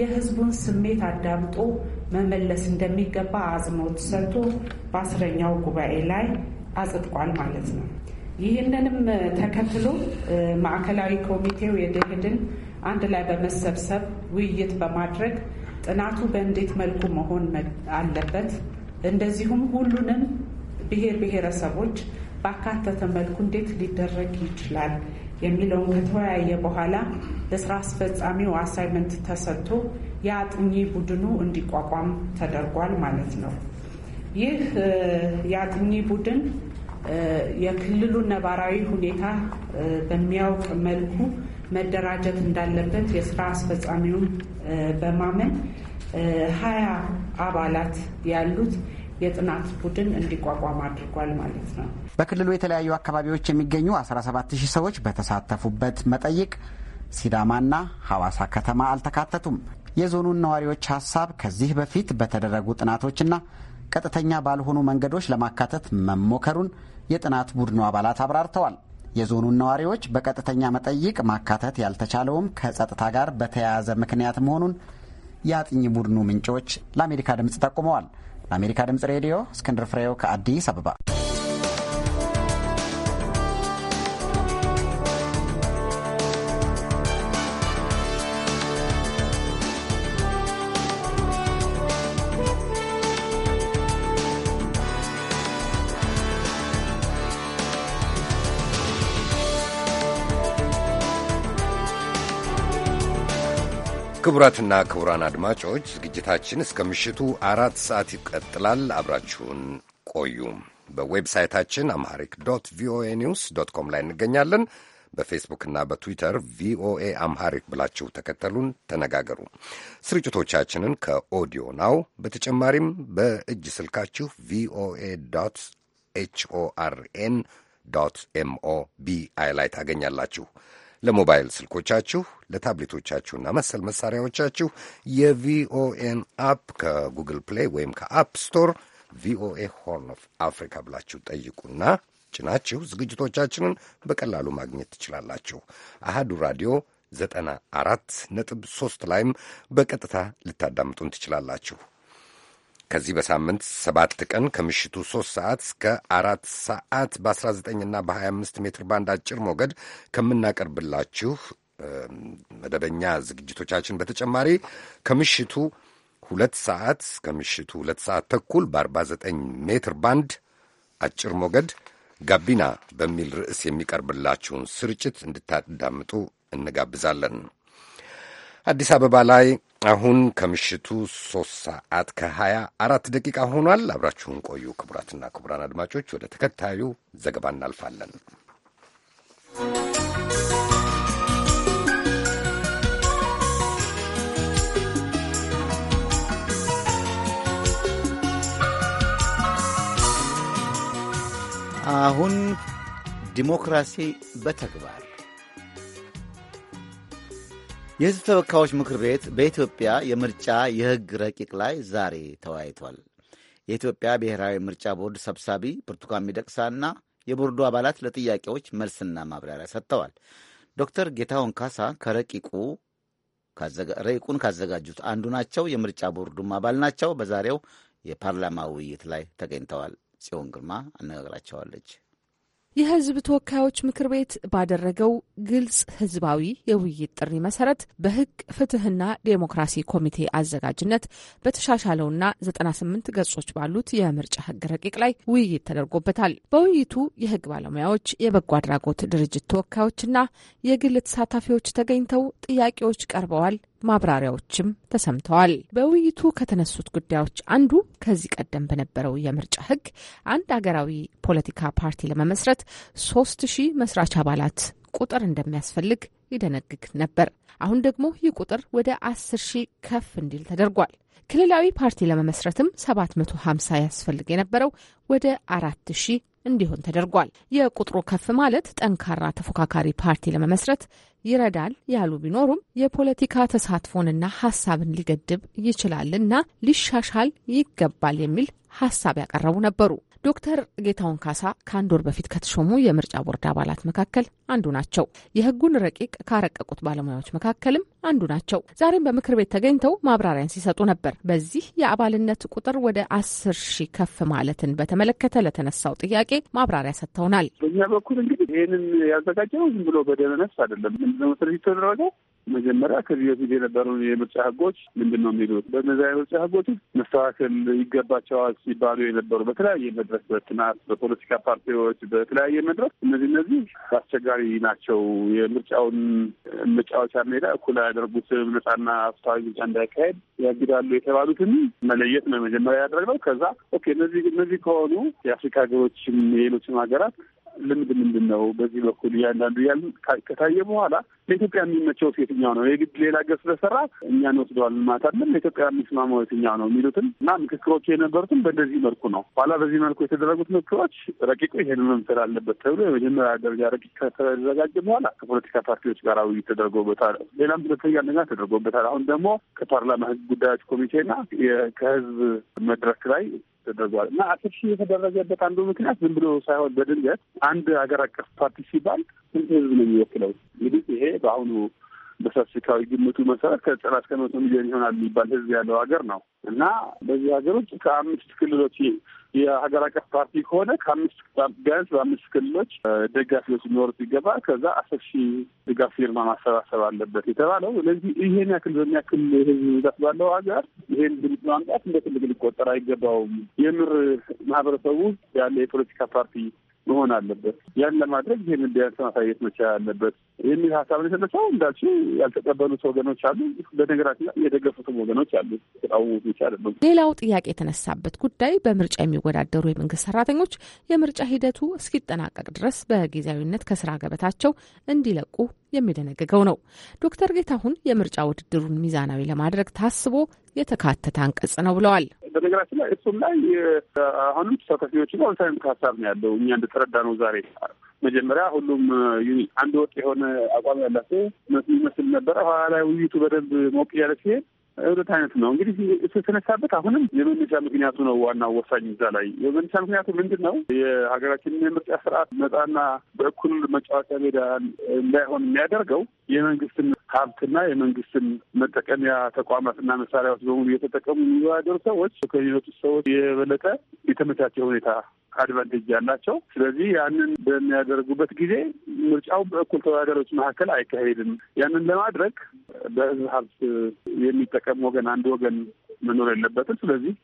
S12: የሕዝቡን ስሜት አዳምጦ መመለስ እንደሚገባ አጽንኦት ሰጥቶ በአስረኛው ጉባኤ ላይ አጽድቋል ማለት ነው። ይህንንም ተከትሎ ማዕከላዊ ኮሚቴው የደህድን አንድ ላይ በመሰብሰብ ውይይት በማድረግ ጥናቱ በእንዴት መልኩ መሆን አለበት፣ እንደዚሁም ሁሉንም ብሔር ብሔረሰቦች ባካተተ መልኩ እንዴት ሊደረግ ይችላል የሚለውን ከተወያየ በኋላ ለስራ አስፈጻሚው አሳይመንት ተሰጥቶ የአጥኚ ቡድኑ እንዲቋቋም ተደርጓል ማለት ነው። ይህ የአጥኚ ቡድን የክልሉን ነባራዊ ሁኔታ በሚያውቅ መልኩ መደራጀት እንዳለበት የስራ አስፈጻሚውን በማመን ሀያ አባላት ያሉት የጥናት ቡድን እንዲቋቋም አድርጓል ማለት ነው።
S10: በክልሉ የተለያዩ አካባቢዎች የሚገኙ 17 ሰዎች በተሳተፉበት መጠይቅ ሲዳማና ሐዋሳ ከተማ አልተካተቱም። የዞኑን ነዋሪዎች ሀሳብ ከዚህ በፊት በተደረጉ ጥናቶችና ቀጥተኛ ባልሆኑ መንገዶች ለማካተት መሞከሩን የጥናት ቡድኑ አባላት አብራርተዋል። የዞኑን ነዋሪዎች በቀጥተኛ መጠይቅ ማካተት ያልተቻለውም ከጸጥታ ጋር በተያያዘ ምክንያት መሆኑን የአጥኚ ቡድኑ ምንጮች ለአሜሪካ ድምፅ ጠቁመዋል። ለአሜሪካ ድምፅ ሬዲዮ እስክንድር ፍሬው ከአዲስ አበባ
S1: ክቡራትና ክቡራን አድማጮች ዝግጅታችን እስከ ምሽቱ አራት ሰዓት ይቀጥላል። አብራችሁን ቆዩ። በዌብሳይታችን አምሐሪክ ዶት ቪኦኤ ኒውስ ዶት ኮም ላይ እንገኛለን። በፌስቡክና በትዊተር ቪኦኤ አምሐሪክ ብላችሁ ተከተሉን፣ ተነጋገሩ። ስርጭቶቻችንን ከኦዲዮ ናው በተጨማሪም በእጅ ስልካችሁ ቪኦኤ ዶት ኤችኦአርኤን ዶት ኤምኦቢአይ ላይ ታገኛላችሁ። ለሞባይል ስልኮቻችሁ ለታብሌቶቻችሁና መሰል መሳሪያዎቻችሁ የቪኦኤን አፕ ከጉግል ፕሌይ ወይም ከአፕ ስቶር ቪኦኤ ሆርን ኦፍ አፍሪካ ብላችሁ ጠይቁና ጭናችሁ ዝግጅቶቻችንን በቀላሉ ማግኘት ትችላላችሁ። አሃዱ ራዲዮ አራት ነጥብ 3 ላይም በቀጥታ ልታዳምጡን ትችላላችሁ። ከዚህ በሳምንት ሰባት ቀን ከምሽቱ ሦስት ሰዓት እስከ አራት ሰዓት በ19ና በ25 ሜትር ባንድ አጭር ሞገድ ከምናቀርብላችሁ መደበኛ ዝግጅቶቻችን በተጨማሪ ከምሽቱ ሁለት ሰዓት ከምሽቱ ሁለት ሰዓት ተኩል በ49 ሜትር ባንድ አጭር ሞገድ ጋቢና በሚል ርዕስ የሚቀርብላችሁን ስርጭት እንድታዳምጡ እንጋብዛለን። አዲስ አበባ ላይ አሁን ከምሽቱ ሶስት ሰዓት ከሀያ አራት ደቂቃ ሆኗል። አብራችሁን ቆዩ። ክቡራትና ክቡራን አድማጮች ወደ ተከታዩ ዘገባ እናልፋለን።
S2: አሁን ዲሞክራሲ በተግባር የሕዝብ ተወካዮች ምክር ቤት በኢትዮጵያ የምርጫ የሕግ ረቂቅ ላይ ዛሬ ተወያይቷል። የኢትዮጵያ ብሔራዊ ምርጫ ቦርድ ሰብሳቢ ብርቱካን ሚደቅሳና የቦርዱ አባላት ለጥያቄዎች መልስና ማብራሪያ ሰጥተዋል። ዶክተር ጌታሁን ካሳ ከረቂቁ ረቂቁን ካዘጋጁት አንዱ ናቸው። የምርጫ ቦርዱም አባል ናቸው። በዛሬው የፓርላማ ውይይት ላይ ተገኝተዋል። ጽዮን ግርማ አነጋግራቸዋለች።
S13: የሕዝብ ተወካዮች ምክር ቤት ባደረገው ግልጽ ሕዝባዊ የውይይት ጥሪ መሰረት በሕግ ፍትህና ዴሞክራሲ ኮሚቴ አዘጋጅነት በተሻሻለውና 98 ገጾች ባሉት የምርጫ ሕግ ረቂቅ ላይ ውይይት ተደርጎበታል። በውይይቱ የሕግ ባለሙያዎች፣ የበጎ አድራጎት ድርጅት ተወካዮችና የግል ተሳታፊዎች ተገኝተው ጥያቄዎች ቀርበዋል ማብራሪያዎችም ተሰምተዋል። በውይይቱ ከተነሱት ጉዳዮች አንዱ ከዚህ ቀደም በነበረው የምርጫ ሕግ አንድ አገራዊ ፖለቲካ ፓርቲ ለመመስረት ሶስት ሺህ መስራች አባላት ቁጥር እንደሚያስፈልግ ይደነግግ ነበር። አሁን ደግሞ ይህ ቁጥር ወደ አስር ሺህ ከፍ እንዲል ተደርጓል። ክልላዊ ፓርቲ ለመመስረትም 750 ያስፈልግ የነበረው ወደ አራት ሺህ እንዲሆን ተደርጓል። የቁጥሩ ከፍ ማለት ጠንካራ ተፎካካሪ ፓርቲ ለመመስረት ይረዳል ያሉ ቢኖሩም የፖለቲካ ተሳትፎንና ሀሳብን ሊገድብ ይችላልና ሊሻሻል ይገባል የሚል ሀሳብ ያቀረቡ ነበሩ። ዶክተር ጌታውን ካሳ ከአንድ ወር በፊት ከተሾሙ የምርጫ ቦርድ አባላት መካከል አንዱ ናቸው። የሕጉን ረቂቅ ካረቀቁት ባለሙያዎች መካከልም አንዱ ናቸው። ዛሬም በምክር ቤት ተገኝተው ማብራሪያን ሲሰጡ ነበር። በዚህ የአባልነት ቁጥር ወደ አስር ሺህ ከፍ ማለትን በተመለከተ ለተነሳው ጥያቄ ማብራሪያ ሰጥተውናል።
S7: በእኛ በኩል እንግዲህ ይህንን ያዘጋጀነው ዝም ብሎ በደመነፍስ አይደለም። ምንድነው መሰረት መጀመሪያ ከዚህ በፊት የነበሩ የምርጫ ህጎች ምንድን ነው የሚሉት? በነዚያ የምርጫ ህጎች መስተካከል ይገባቸዋል ሲባሉ የነበሩ በተለያየ መድረክ፣ በትናት በፖለቲካ ፓርቲዎች በተለያየ መድረክ እነዚህ እነዚህ አስቸጋሪ ናቸው፣ የምርጫውን መጫወቻ ሜዳ እኩል አያደርጉትም፣ ነጻና ፍትሐዊ ምርጫ እንዳይካሄድ ያግዳሉ የተባሉትን መለየት ነው መጀመሪያ ያደረግነው። ከዛ ኦኬ እነዚህ እነዚህ ከሆኑ የአፍሪካ ሀገሮችም የሌሎችም ሀገራት ልምድ ምንድን ነው በዚህ በኩል እያንዳንዱ እያልን ከታየ በኋላ ለኢትዮጵያ የሚመቸው የትኛው ነው የግድ ሌላ ገር ስለሰራ እኛ እንወስደዋለን ማለት ለኢትዮጵያ የሚስማማው የትኛው ነው የሚሉትን እና ምክክሮች የነበሩትም በእንደዚህ መልኩ ነው። ኋላ በዚህ መልኩ የተደረጉት ምክክሮች ረቂቁ ይሄን መምሰል አለበት ተብሎ የመጀመሪያ ደረጃ ረቂቅ ከተዘጋጀ በኋላ ከፖለቲካ ፓርቲዎች ጋር ውይይት ተደርጎበታል። ሌላም ሁለተኛ ነገር ተደርጎበታል። አሁን ደግሞ ከፓርላማ ህዝብ ጉዳዮች ኮሚቴና ከህዝብ መድረክ ላይ ተደርጓል እና አስር ሺህ የተደረገበት አንዱ ምክንያት ዝም ብሎ ሳይሆን በድንገት አንድ ሀገር አቀፍ ፓርቲ ሲባል ስንት ህዝብ ነው የሚወክለው? እንግዲህ ይሄ በአሁኑ በስታትስቲካዊ ግምቱ መሰረት ከዘጠና እስከ መቶ ሚሊዮን ይሆናል የሚባል ህዝብ ያለው ሀገር ነው እና በዚህ ሀገር ውስጥ ከአምስት ክልሎች የሀገር አቀፍ ፓርቲ ከሆነ ከአምስት ቢያንስ በአምስት ክልሎች ደጋፊዎች ሊኖሩት ይገባል። ከዛ አስር ሺህ ድጋፍ ፊርማ ማሰባሰብ አለበት የተባለው። ስለዚህ ይሄን ያክል በሚያክል ህዝብ ብዛት ባለው ሀገር ይሄን ድምፅ ማምጣት እንደ ትልቅ ሊቆጠር አይገባውም። የምር ማህበረሰቡ ውስጥ ያለ የፖለቲካ ፓርቲ መሆን አለበት። ያን ለማድረግ ይህን ቢያንስ ማሳየት መቻል አለበት የሚል ሀሳብ ነው የተነሳው። እንዳልሽ ያልተቀበሉት ወገኖች አሉ፣ በነገራችን ላይ የደገፉትም ወገኖች አሉ። ተቃውሞ ብቻ አይደለም።
S13: ሌላው ጥያቄ የተነሳበት ጉዳይ በምርጫ የሚወዳደሩ የመንግስት ሰራተኞች የምርጫ ሂደቱ እስኪጠናቀቅ ድረስ በጊዜያዊነት ከስራ ገበታቸው እንዲለቁ የሚደነግገው ነው። ዶክተር ጌታሁን የምርጫ ውድድሩን ሚዛናዊ ለማድረግ ታስቦ የተካተተ አንቀጽ ነው ብለዋል።
S7: በነገራችን ላይ እሱም ላይ አሁንም ተሳታፊዎች ኦንታይም ሀሳብ ነው ያለው። እኛ እንደተረዳ ነው ዛሬ መጀመሪያ ሁሉም አንድ ወጥ የሆነ አቋም ያላቸው ይመስል ነበረ። ኋላ ላይ ውይይቱ በደንብ ሞቅ እያለ ሲሄድ እውነት አይነት ነው እንግዲህ እሱ የተነሳበት አሁንም የመነሻ ምክንያቱ ነው። ዋናው ወሳኝ እዛ ላይ የመነሻ ምክንያቱ ምንድን ነው? የሀገራችንን የምርጫ ስርዓት ነጻና በእኩል መጫወቻ ሜዳ እንዳይሆን የሚያደርገው የመንግስትን ሀብትና የመንግስትን መጠቀሚያ ተቋማትና መሳሪያዎች በሙሉ እየተጠቀሙ የሚወዳደሩ ሰዎች ከሌሎች ሰዎች የበለጠ የተመቻቸ ሁኔታ አድቫንቴጅ ያላቸው። ስለዚህ ያንን በሚያደርጉበት ጊዜ ምርጫው በእኩል ተወዳዳሪዎች መካከል አይካሄድም። ያንን ለማድረግ በህዝብ ሀብት የሚጠቀም ወገን አንድ ወገን መኖር የለበትም። ስለዚህ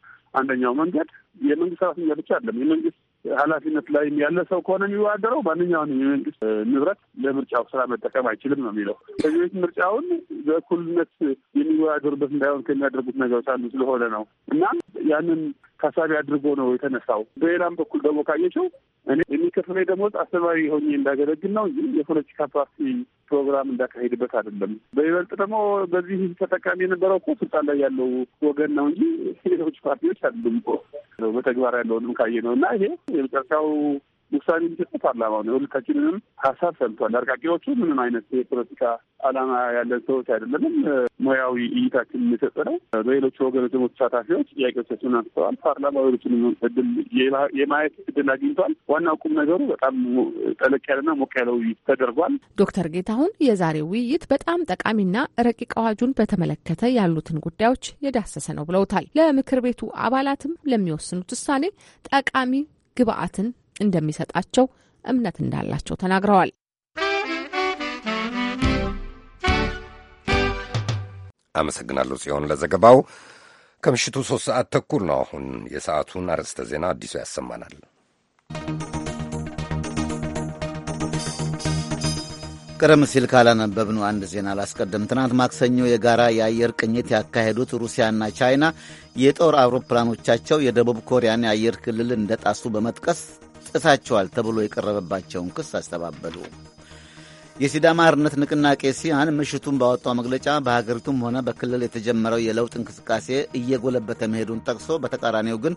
S7: አንደኛው መንገድ የመንግስት ሰራተኛ ብቻ አለም የመንግስት ኃላፊነት ላይ ያለ ሰው ከሆነ የሚወዳደረው ማንኛውንም የመንግስት ንብረት ለምርጫው ስራ መጠቀም አይችልም ነው የሚለው። ከዚህ ቤት ምርጫውን በእኩልነት የሚወዳደሩበት እንዳይሆን ከሚያደርጉት ነገሮች አንዱ ስለሆነ ነው እና ያንን ታሳቢ አድርጎ ነው የተነሳው። በሌላም በኩል ደግሞ ካየችው እኔ የሚከፍለኝ ደሞዝ አስተማሪ ሆኜ እንዳገለግል ነው እንጂ የፖለቲካ ፓርቲ ፕሮግራም እንዳካሄድበት አይደለም። በይበልጥ ደግሞ በዚህ ተጠቃሚ የነበረው እኮ ስልጣን ላይ ያለው ወገን ነው እንጂ ሌሎች ፓርቲዎች አይደሉም እኮ በተግባር ያለውንም ካየ ነው እና ይሄ የመጨረሻው ውሳኔ የሚሰጠው ፓርላማ ነው። የሁለታችንንም ሀሳብ ሰምቷል። አርቃቂዎቹ ምንም አይነት የፖለቲካ ዓላማ ያለን ሰዎች አይደለንም። ሙያዊ እይታችን የሚሰጥ ነው። በሌሎቹ ወገኖች ደግሞ ተሳታፊዎች ጥያቄዎቻችንን አንስተዋል። ፓርላማ ሌሎችንም እድል የማየት እድል አግኝቷል። ዋናው ቁም ነገሩ በጣም ጠለቅ ያለና ሞቅ ያለ ውይይት ተደርጓል።
S13: ዶክተር ጌታሁን የዛሬው ውይይት በጣም ጠቃሚና ረቂቅ አዋጁን በተመለከተ ያሉትን ጉዳዮች የዳሰሰ ነው ብለውታል። ለምክር ቤቱ አባላትም ለሚወስኑት ውሳኔ ጠቃሚ ግብአትን እንደሚሰጣቸው እምነት እንዳላቸው ተናግረዋል።
S1: አመሰግናለሁ ጽዮን ለዘገባው። ከምሽቱ ሶስት ሰዓት ተኩል ነው። አሁን የሰዓቱን አርዕስተ ዜና አዲሱ ያሰማናል።
S2: ቀደም ሲል ካላነበብነው አንድ ዜና ላስቀድም። ትናንት ማክሰኞ የጋራ የአየር ቅኝት ያካሄዱት ሩሲያና ቻይና የጦር አውሮፕላኖቻቸው የደቡብ ኮሪያን የአየር ክልል እንደጣሱ በመጥቀስ ጥሳቸዋል ተብሎ የቀረበባቸውን ክስ አስተባበሉ። የሲዳማ አርነት ንቅናቄ ሲያን ምሽቱን ባወጣው መግለጫ በሀገሪቱም ሆነ በክልል የተጀመረው የለውጥ እንቅስቃሴ እየጎለበተ መሄዱን ጠቅሶ በተቃራኒው ግን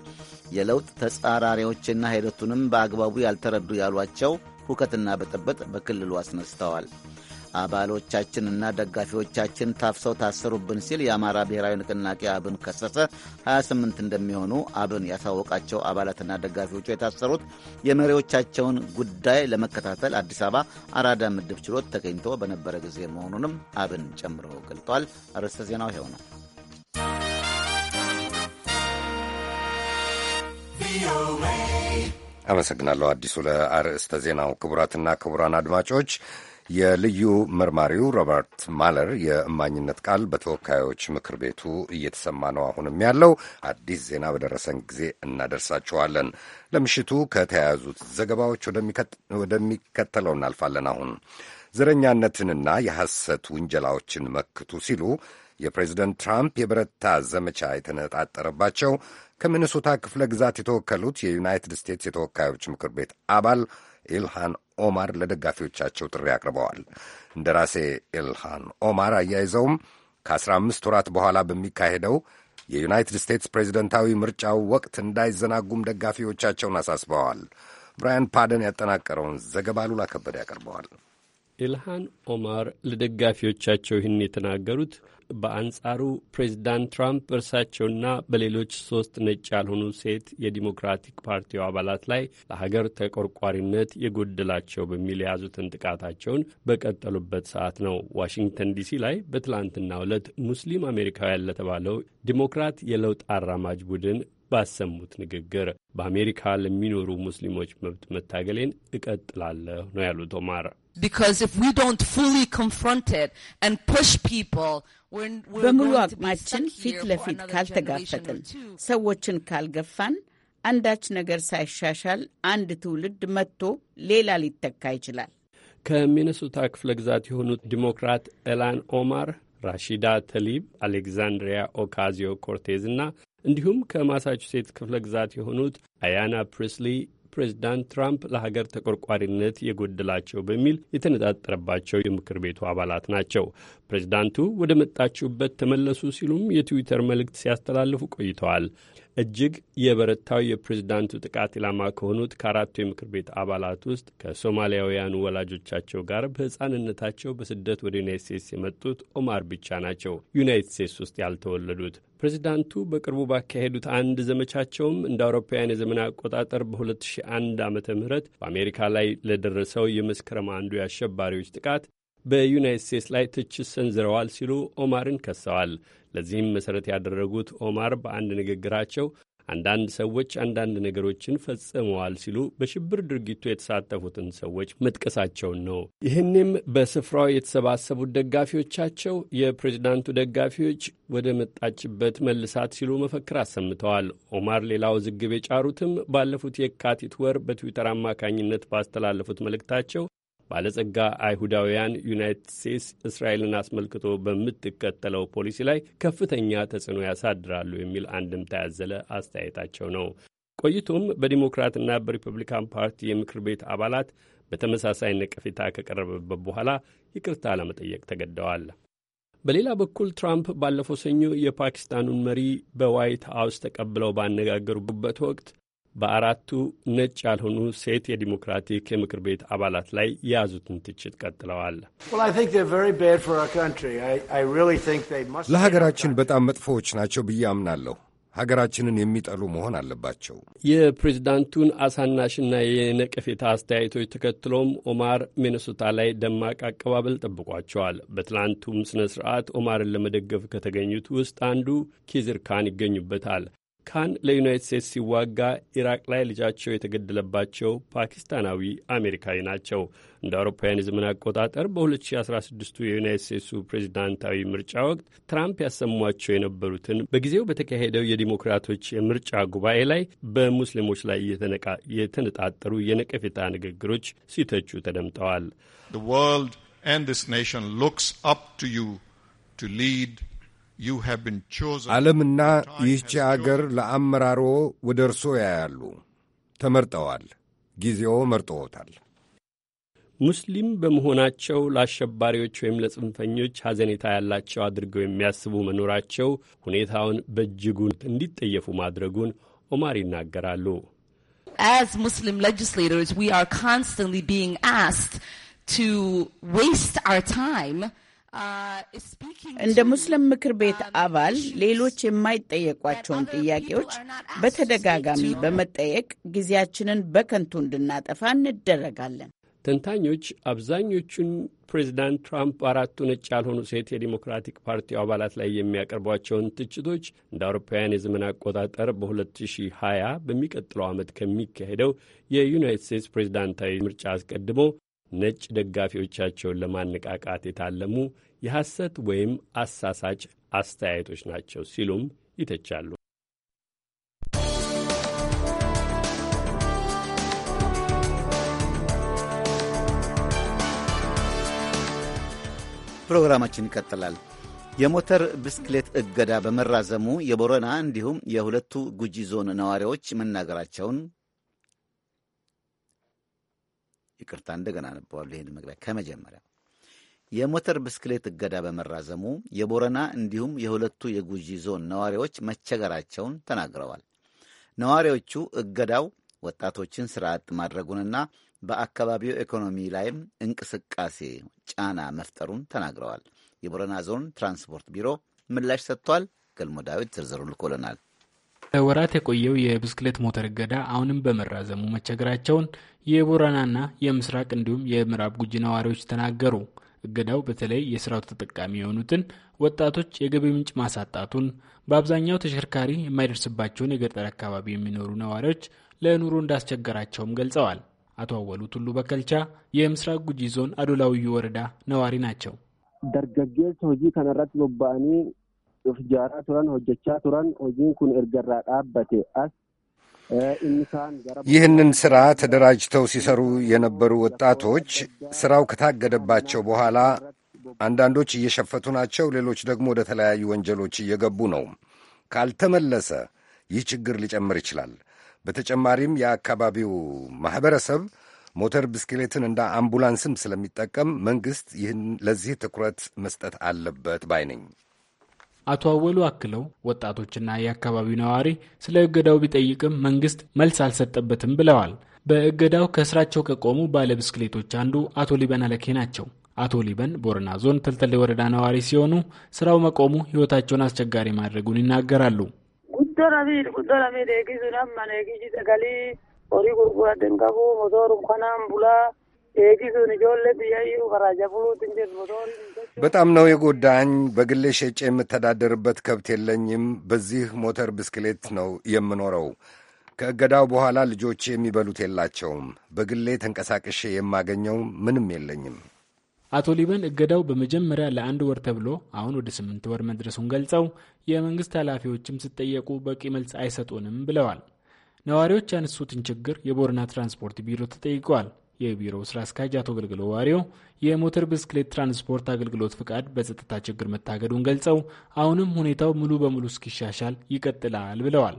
S2: የለውጥ ተጻራሪዎችና ሂደቱንም በአግባቡ ያልተረዱ ያሏቸው ሁከትና ብጥብጥ በክልሉ አስነስተዋል። አባሎቻችንና ደጋፊዎቻችን ታፍሰው ታሰሩብን ሲል የአማራ ብሔራዊ ንቅናቄ አብን ከሰሰ። 28 እንደሚሆኑ አብን ያሳወቃቸው አባላትና ደጋፊዎቹ የታሰሩት የመሪዎቻቸውን ጉዳይ ለመከታተል አዲስ አበባ አራዳ ምድብ ችሎት ተገኝቶ በነበረ ጊዜ መሆኑንም አብን ጨምሮ ገልጧል። አርዕስተ ዜናው ይኸው ነው። አመሰግናለሁ
S1: አዲሱ ለአርዕስተ ዜናው። ክቡራትና ክቡራን አድማጮች የልዩ መርማሪው ሮበርት ማለር የእማኝነት ቃል በተወካዮች ምክር ቤቱ እየተሰማ ነው አሁንም ያለው። አዲስ ዜና በደረሰን ጊዜ እናደርሳችኋለን። ለምሽቱ ከተያያዙት ዘገባዎች ወደሚከተለው እናልፋለን። አሁን ዘረኛነትንና የሐሰት ውንጀላዎችን መክቱ ሲሉ የፕሬዚደንት ትራምፕ የበረታ ዘመቻ የተነጣጠረባቸው ከሚኒሶታ ክፍለ ግዛት የተወከሉት የዩናይትድ ስቴትስ የተወካዮች ምክር ቤት አባል ኢልሃን ኦማር ለደጋፊዎቻቸው ጥሪ አቅርበዋል። እንደራሴ ኢልሃን ኦማር አያይዘውም ከ15 ወራት በኋላ በሚካሄደው የዩናይትድ ስቴትስ ፕሬዚደንታዊ ምርጫው ወቅት እንዳይዘናጉም ደጋፊዎቻቸውን አሳስበዋል። ብራያን ፓደን ያጠናቀረውን ዘገባ ሉላ ከበደ ያቀርበዋል።
S14: ኢልሃን ኦማር ለደጋፊዎቻቸው ይህን የተናገሩት በአንጻሩ ፕሬዚዳንት ትራምፕ በእርሳቸውና በሌሎች ሶስት ነጭ ያልሆኑ ሴት የዲሞክራቲክ ፓርቲው አባላት ላይ ለሀገር ተቆርቋሪነት የጎደላቸው በሚል የያዙትን ጥቃታቸውን በቀጠሉበት ሰዓት ነው ዋሽንግተን ዲሲ ላይ በትላንትና ዕለት ሙስሊም አሜሪካውያን ለተባለው ዲሞክራት የለውጥ አራማጅ ቡድን ባሰሙት ንግግር በአሜሪካ ለሚኖሩ ሙስሊሞች መብት መታገሌን እቀጥላለሁ ነው ያሉት ኦማር።
S6: በሙሉ አቅማችን ፊት ለፊት ካልተጋፈጥን፣ ሰዎችን ካልገፋን አንዳች ነገር ሳይሻሻል አንድ ትውልድ መጥቶ ሌላ ሊተካ ይችላል።
S14: ከሚነሶታ ክፍለ ግዛት የሆኑት ዲሞክራት ኤላን ኦማር፣ ራሺዳ ተሊብ፣ አሌግዛንድሪያ ኦካዚዮ ኮርቴዝ እና እንዲሁም ከማሳቹሴትስ ክፍለ ግዛት የሆኑት አያና ፕሪስሊ ፕሬዚዳንት ትራምፕ ለሀገር ተቆርቋሪነት የጎደላቸው በሚል የተነጣጠረባቸው የምክር ቤቱ አባላት ናቸው። ፕሬዚዳንቱ ወደ መጣችሁበት ተመለሱ ሲሉም የትዊተር መልእክት ሲያስተላልፉ ቆይተዋል። እጅግ የበረታው የፕሬዝዳንቱ ጥቃት ኢላማ ከሆኑት ከአራቱ የምክር ቤት አባላት ውስጥ ከሶማሊያውያኑ ወላጆቻቸው ጋር በሕፃንነታቸው በስደት ወደ ዩናይት ስቴትስ የመጡት ኦማር ብቻ ናቸው ዩናይት ስቴትስ ውስጥ ያልተወለዱት። ፕሬዚዳንቱ በቅርቡ ባካሄዱት አንድ ዘመቻቸውም እንደ አውሮፓውያን የዘመን አቆጣጠር በ2001 ዓ ም በአሜሪካ ላይ ለደረሰው የመስከረም አንዱ የአሸባሪዎች ጥቃት በዩናይት ስቴትስ ላይ ትችት ሰንዝረዋል ሲሉ ኦማርን ከሰዋል። ለዚህም መሠረት ያደረጉት ኦማር በአንድ ንግግራቸው አንዳንድ ሰዎች አንዳንድ ነገሮችን ፈጽመዋል ሲሉ በሽብር ድርጊቱ የተሳተፉትን ሰዎች መጥቀሳቸውን ነው። ይህንም በስፍራው የተሰባሰቡት ደጋፊዎቻቸው የፕሬዚዳንቱ ደጋፊዎች ወደ መጣችበት መልሳት ሲሉ መፈክር አሰምተዋል። ኦማር ሌላው ዝግብ የጫሩትም ባለፉት የካቲት ወር በትዊተር አማካኝነት ባስተላለፉት መልእክታቸው ባለጸጋ አይሁዳውያን ዩናይትድ ስቴትስ እስራኤልን አስመልክቶ በምትከተለው ፖሊሲ ላይ ከፍተኛ ተጽዕኖ ያሳድራሉ የሚል አንድምታ ያዘለ አስተያየታቸው ነው። ቆይቶም በዲሞክራትና በሪፐብሊካን ፓርቲ የምክር ቤት አባላት በተመሳሳይ ነቀፌታ ከቀረበበት በኋላ ይቅርታ ለመጠየቅ ተገደዋል። በሌላ በኩል ትራምፕ ባለፈው ሰኞ የፓኪስታኑን መሪ በዋይት ሀውስ ተቀብለው ባነጋገሩበት ወቅት በአራቱ ነጭ ያልሆኑ ሴት የዲሞክራቲክ የምክር ቤት አባላት ላይ የያዙትን ትችት ቀጥለዋል።
S1: ለሀገራችን በጣም መጥፎዎች ናቸው ብዬ አምናለሁ። ሀገራችንን የሚጠሉ መሆን አለባቸው።
S14: የፕሬዝዳንቱን አሳናሽና የነቀፌታ አስተያየቶች ተከትሎም ኦማር ሚነሶታ ላይ ደማቅ አቀባበል ጠብቋቸዋል። በትላንቱም ስነ ስርዓት ኦማርን ለመደገፍ ከተገኙት ውስጥ አንዱ ኪዝር ካን ይገኙበታል። ካን ለዩናይት ስቴትስ ሲዋጋ ኢራቅ ላይ ልጃቸው የተገደለባቸው ፓኪስታናዊ አሜሪካዊ ናቸው። እንደ አውሮፓውያን የዘመን አቆጣጠር በ 2016 የዩናይት ስቴትሱ ፕሬዚዳንታዊ ምርጫ ወቅት ትራምፕ ያሰሟቸው የነበሩትን በጊዜው በተካሄደው የዲሞክራቶች የምርጫ ጉባኤ ላይ በሙስሊሞች ላይ የተነጣጠሩ የነቀፌታ ንግግሮች ሲተቹ ተደምጠዋል። The world and this
S1: ዓለምና ይህቺ አገር ለአመራሮ ወደ እርሶ ያያሉ። ተመርጠዋል።
S14: ጊዜዎ መርጦዎታል። ሙስሊም በመሆናቸው ለአሸባሪዎች ወይም ለጽንፈኞች ሐዘኔታ ያላቸው አድርገው የሚያስቡ መኖራቸው ሁኔታውን በእጅጉ እንዲጠየፉ ማድረጉን ኦማር ይናገራሉ።
S6: as Muslim legislators we are constantly being asked to Uh, እንደ ሙስሊም ምክር ቤት um, አባል ሌሎች የማይጠየቋቸውን ጥያቄዎች በተደጋጋሚ በመጠየቅ ጊዜያችንን በከንቱ እንድናጠፋ እንደረጋለን።
S14: ተንታኞች አብዛኞቹን ፕሬዚዳንት ትራምፕ አራቱ ነጭ ያልሆኑ ሴት የዲሞክራቲክ ፓርቲው አባላት ላይ የሚያቀርቧቸውን ትችቶች እንደ አውሮፓውያን የዘመን አቆጣጠር በ2020 በሚቀጥለው ዓመት ከሚካሄደው የዩናይትድ ስቴትስ ፕሬዚዳንታዊ ምርጫ አስቀድሞ ነጭ ደጋፊዎቻቸውን ለማነቃቃት የታለሙ የሐሰት ወይም አሳሳጭ አስተያየቶች ናቸው ሲሉም ይተቻሉ።
S2: ፕሮግራማችን ይቀጥላል። የሞተር ብስክሌት እገዳ በመራዘሙ የቦረና እንዲሁም የሁለቱ ጉጂ ዞን ነዋሪዎች መናገራቸውን ይቅርታ፣ እንደገና ነበዋሉ። ይህን መግቢያ ከመጀመሪያ የሞተር ብስክሌት እገዳ በመራዘሙ የቦረና እንዲሁም የሁለቱ የጉጂ ዞን ነዋሪዎች መቸገራቸውን ተናግረዋል። ነዋሪዎቹ እገዳው ወጣቶችን ስራ አጥ ማድረጉንና በአካባቢው ኢኮኖሚ ላይም እንቅስቃሴ ጫና መፍጠሩን ተናግረዋል። የቦረና ዞን ትራንስፖርት ቢሮ ምላሽ ሰጥቷል። ገልሞ ዳዊት ዝርዝሩ ልኮልናል።
S15: ወራት የቆየው የብስክሌት ሞተር እገዳ አሁንም በመራዘሙ መቸገራቸውን የቦረናና የምስራቅ እንዲሁም የምዕራብ ጉጂ ነዋሪዎች ተናገሩ። እገዳው በተለይ የስራው ተጠቃሚ የሆኑትን ወጣቶች የገቢ ምንጭ ማሳጣቱን፣ በአብዛኛው ተሽከርካሪ የማይደርስባቸውን የገጠር አካባቢ የሚኖሩ ነዋሪዎች ለኑሮ እንዳስቸገራቸውም ገልጸዋል። አቶ አወሉ ቱሉ በከልቻ የምስራቅ ጉጂ ዞን አዶላውዩ ወረዳ ነዋሪ ናቸው።
S14: ደርገጌስ ሆጂ ከነራት ቦባአኒ ፍጃራ ቱራን ሆጀቻ ቱራን ሆጂን ኩን እርገራ ዳበቴ አስ
S1: ይህንን ሥራ ተደራጅተው ሲሰሩ የነበሩ ወጣቶች ሥራው ከታገደባቸው በኋላ አንዳንዶች እየሸፈቱ ናቸው፣ ሌሎች ደግሞ ወደ ተለያዩ ወንጀሎች እየገቡ ነው። ካልተመለሰ ይህ ችግር ሊጨምር ይችላል። በተጨማሪም የአካባቢው ማኅበረሰብ ሞተር ብስክሌትን እንደ አምቡላንስም ስለሚጠቀም መንግሥት ይህን ለዚህ ትኩረት መስጠት አለበት ባይ ነኝ።
S15: አቶ አወሉ አክለው ወጣቶችና የአካባቢው ነዋሪ ስለ እገዳው ቢጠይቅም መንግስት መልስ አልሰጠበትም ብለዋል። በእገዳው ከስራቸው ከቆሙ ባለ ብስክሌቶች አንዱ አቶ ሊበን አለኬ ናቸው። አቶ ሊበን ቦረና ዞን ተልተሌ ወረዳ ነዋሪ ሲሆኑ ስራው መቆሙ ህይወታቸውን አስቸጋሪ ማድረጉን ይናገራሉ።
S16: ጉዶረሜ ደጊዙ ናማ ደጊ ሰገሊ ጉርጉራ ደንቀቡ ሞቶር እንኳናም ቡላ
S1: በጣም ነው የጎዳኝ። በግሌ ሸጬ የምተዳደርበት ከብት የለኝም። በዚህ ሞተር ብስክሌት ነው የምኖረው። ከእገዳው በኋላ ልጆቼ የሚበሉት የላቸውም። በግሌ ተንቀሳቅሼ የማገኘው ምንም የለኝም።
S15: አቶ ሊበን እገዳው በመጀመሪያ ለአንድ ወር ተብሎ አሁን ወደ ስምንት ወር መድረሱን ገልጸው የመንግስት ኃላፊዎችም ሲጠየቁ በቂ መልስ አይሰጡንም ብለዋል። ነዋሪዎች ያነሱትን ችግር የቦረና ትራንስፖርት ቢሮ ተጠይቀዋል። የቢሮው ስራ አስኪያጅ አቶ ገልግሎ ዋሪዮ የሞተር ብስክሌት ትራንስፖርት አገልግሎት ፍቃድ በጸጥታ ችግር መታገዱን ገልጸው አሁንም ሁኔታው ሙሉ በሙሉ እስኪሻሻል ይቀጥላል ብለዋል።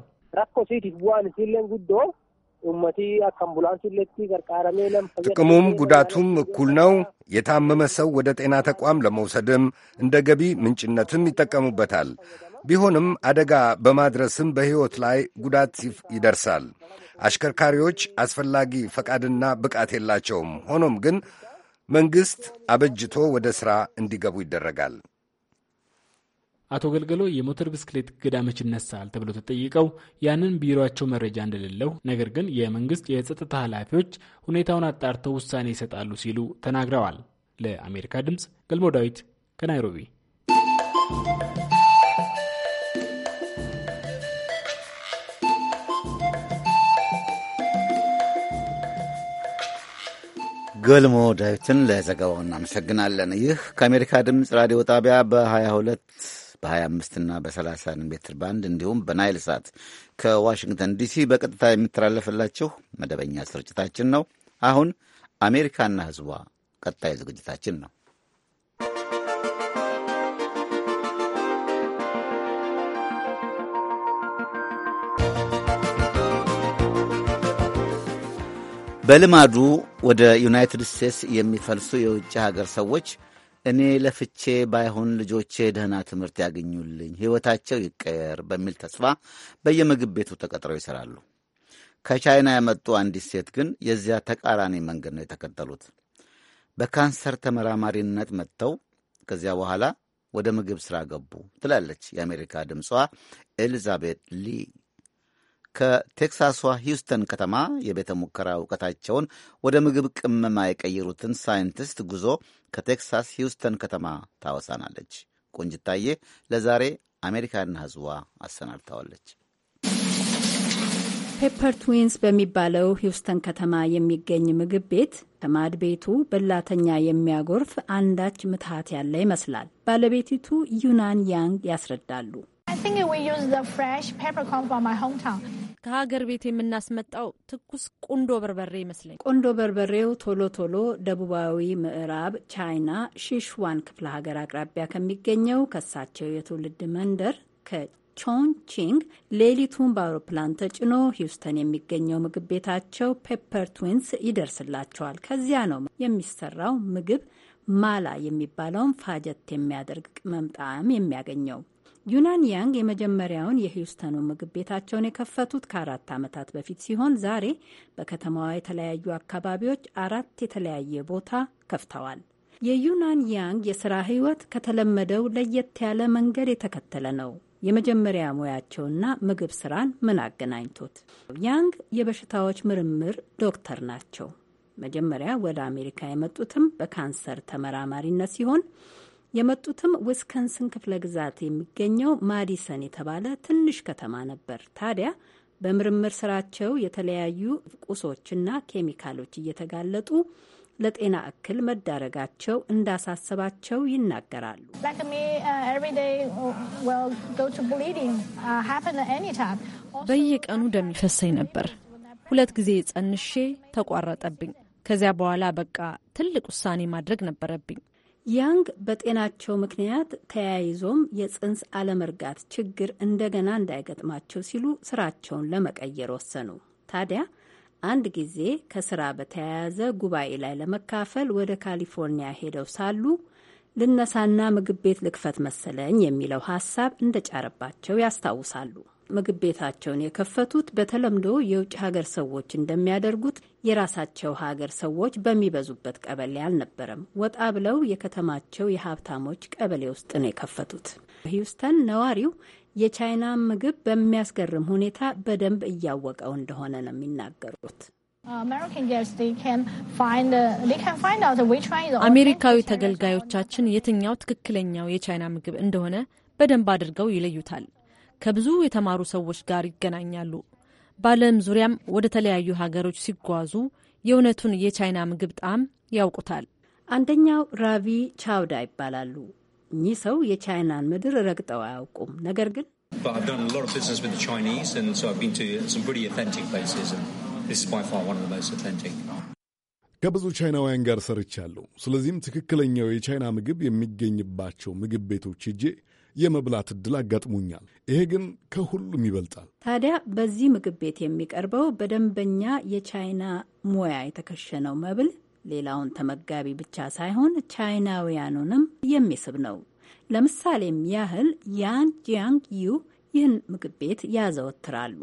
S8: ጥቅሙም ጉዳቱም እኩል
S1: ነው። የታመመ ሰው ወደ ጤና ተቋም ለመውሰድም እንደ ገቢ ምንጭነትም ይጠቀሙበታል። ቢሆንም አደጋ በማድረስም በሕይወት ላይ ጉዳት ይደርሳል። አሽከርካሪዎች አስፈላጊ ፈቃድና ብቃት የላቸውም። ሆኖም ግን መንግሥት አበጅቶ ወደ ሥራ እንዲገቡ ይደረጋል።
S15: አቶ ገልገሎ የሞተር ብስክሌት እገዳ መች ይነሳል ተብሎ ተጠይቀው ያንን ቢሮቸው መረጃ እንደሌለው ነገር ግን የመንግስት የጸጥታ ኃላፊዎች ሁኔታውን አጣርተው ውሳኔ ይሰጣሉ ሲሉ ተናግረዋል። ለአሜሪካ ድምፅ ገልሞ ዳዊት ከናይሮቢ
S2: ገልሞ ዳዊትን ለዘገባው እናመሰግናለን። ይህ ከአሜሪካ ድምፅ ራዲዮ ጣቢያ በ22 በ25 እና በ30 ሜትር ባንድ እንዲሁም በናይል ሳት ከዋሽንግተን ዲሲ በቀጥታ የሚተላለፍላችሁ መደበኛ ስርጭታችን ነው። አሁን አሜሪካና ሕዝቧ ቀጣይ ዝግጅታችን ነው። በልማዱ ወደ ዩናይትድ ስቴትስ የሚፈልሱ የውጭ ሀገር ሰዎች እኔ ለፍቼ ባይሆን ልጆቼ ደህና ትምህርት ያገኙልኝ፣ ሕይወታቸው ይቀየር በሚል ተስፋ በየምግብ ቤቱ ተቀጥረው ይሠራሉ። ከቻይና የመጡ አንዲት ሴት ግን የዚያ ተቃራኒ መንገድ ነው የተከተሉት። በካንሰር ተመራማሪነት መጥተው ከዚያ በኋላ ወደ ምግብ ሥራ ገቡ ትላለች የአሜሪካ ድምጿ ኤሊዛቤት ሊ ከቴክሳሷ ሂውስተን ከተማ የቤተ ሙከራ እውቀታቸውን ወደ ምግብ ቅመማ የቀየሩትን ሳይንቲስት ጉዞ ከቴክሳስ ሂውስተን ከተማ ታወሳናለች። ቆንጅታዬ ለዛሬ አሜሪካና ህዝቧ አሰናድተዋለች።
S17: ፔፐር ትዊንስ በሚባለው ሂውስተን ከተማ የሚገኝ ምግብ ቤት ከማድ ቤቱ በላተኛ የሚያጎርፍ አንዳች ምትሃት ያለ ይመስላል። ባለቤቲቱ ዩናን ያንግ ያስረዳሉ። ከሀገር ቤት የምናስመጣው ትኩስ ቁንዶ በርበሬ ይመስለኝ። ቁንዶ በርበሬው ቶሎ ቶሎ ደቡባዊ ምዕራብ ቻይና ሺሽዋን ክፍለ ሀገር አቅራቢያ ከሚገኘው ከሳቸው የትውልድ መንደር ከቾንቺንግ ሌሊቱን በአውሮፕላን ተጭኖ ሂውስተን የሚገኘው ምግብ ቤታቸው ፔፐር ትዊንስ ይደርስላቸዋል። ከዚያ ነው የሚሰራው ምግብ ማላ የሚባለውን ፋጀት የሚያደርግ ቅመም ጣዕም የሚያገኘው። ዩናን ያንግ የመጀመሪያውን የሂውስተኑ ምግብ ቤታቸውን የከፈቱት ከአራት ዓመታት በፊት ሲሆን ዛሬ በከተማዋ የተለያዩ አካባቢዎች አራት የተለያየ ቦታ ከፍተዋል። የዩናን ያንግ የሥራ ሕይወት ከተለመደው ለየት ያለ መንገድ የተከተለ ነው። የመጀመሪያ ሙያቸውና ምግብ ስራን ምን አገናኝቶት? ያንግ የበሽታዎች ምርምር ዶክተር ናቸው። መጀመሪያ ወደ አሜሪካ የመጡትም በካንሰር ተመራማሪነት ሲሆን የመጡትም ዊስከንስን ክፍለ ግዛት የሚገኘው ማዲሰን የተባለ ትንሽ ከተማ ነበር። ታዲያ በምርምር ስራቸው የተለያዩ ቁሶችና ኬሚካሎች እየተጋለጡ ለጤና እክል መዳረጋቸው እንዳሳሰባቸው ይናገራሉ። uh, uh, uh, በየቀኑ ደም ይፈሰኝ ነበር። ሁለት ጊዜ ጸንሼ ተቋረጠብኝ። ከዚያ በኋላ በቃ ትልቅ ውሳኔ ማድረግ ነበረብኝ። ያንግ በጤናቸው ምክንያት ተያይዞም የጽንስ አለመርጋት ችግር እንደገና እንዳይገጥማቸው ሲሉ ስራቸውን ለመቀየር ወሰኑ። ታዲያ አንድ ጊዜ ከስራ በተያያዘ ጉባኤ ላይ ለመካፈል ወደ ካሊፎርኒያ ሄደው ሳሉ ልነሳና ምግብ ቤት ልክፈት መሰለኝ የሚለው ሀሳብ እንደጫረባቸው ያስታውሳሉ። ምግብ ቤታቸውን የከፈቱት በተለምዶ የውጭ ሀገር ሰዎች እንደሚያደርጉት የራሳቸው ሀገር ሰዎች በሚበዙበት ቀበሌ አልነበረም። ወጣ ብለው የከተማቸው የሀብታሞች ቀበሌ ውስጥ ነው የከፈቱት። ሂውስተን ነዋሪው የቻይና ምግብ በሚያስገርም ሁኔታ በደንብ እያወቀው እንደሆነ ነው የሚናገሩት። አሜሪካዊ ተገልጋዮቻችን የትኛው ትክክለኛው የቻይና ምግብ እንደሆነ በደንብ አድርገው ይለዩታል። ከብዙ የተማሩ ሰዎች ጋር ይገናኛሉ። በዓለም ዙሪያም ወደ ተለያዩ ሀገሮች ሲጓዙ የእውነቱን የቻይና ምግብ ጣዕም ያውቁታል። አንደኛው ራቪ ቻውዳ ይባላሉ። እኚህ ሰው የቻይናን ምድር ረግጠው አያውቁም። ነገር ግን
S9: ከብዙ ቻይናውያን ጋር ሰርቻለሁ። ስለዚህም ትክክለኛው የቻይና ምግብ የሚገኝባቸው ምግብ ቤቶች ሄጄ የመብላት እድል አጋጥሞኛል። ይሄ ግን ከሁሉም ይበልጣል።
S17: ታዲያ በዚህ ምግብ ቤት የሚቀርበው በደንበኛ የቻይና ሙያ የተከሸነው መብል ሌላውን ተመጋቢ ብቻ ሳይሆን ቻይናውያኑንም የሚስብ ነው። ለምሳሌም ያህል ያን ጂያንግ ዩ ይህን ምግብ ቤት ያዘወትራሉ።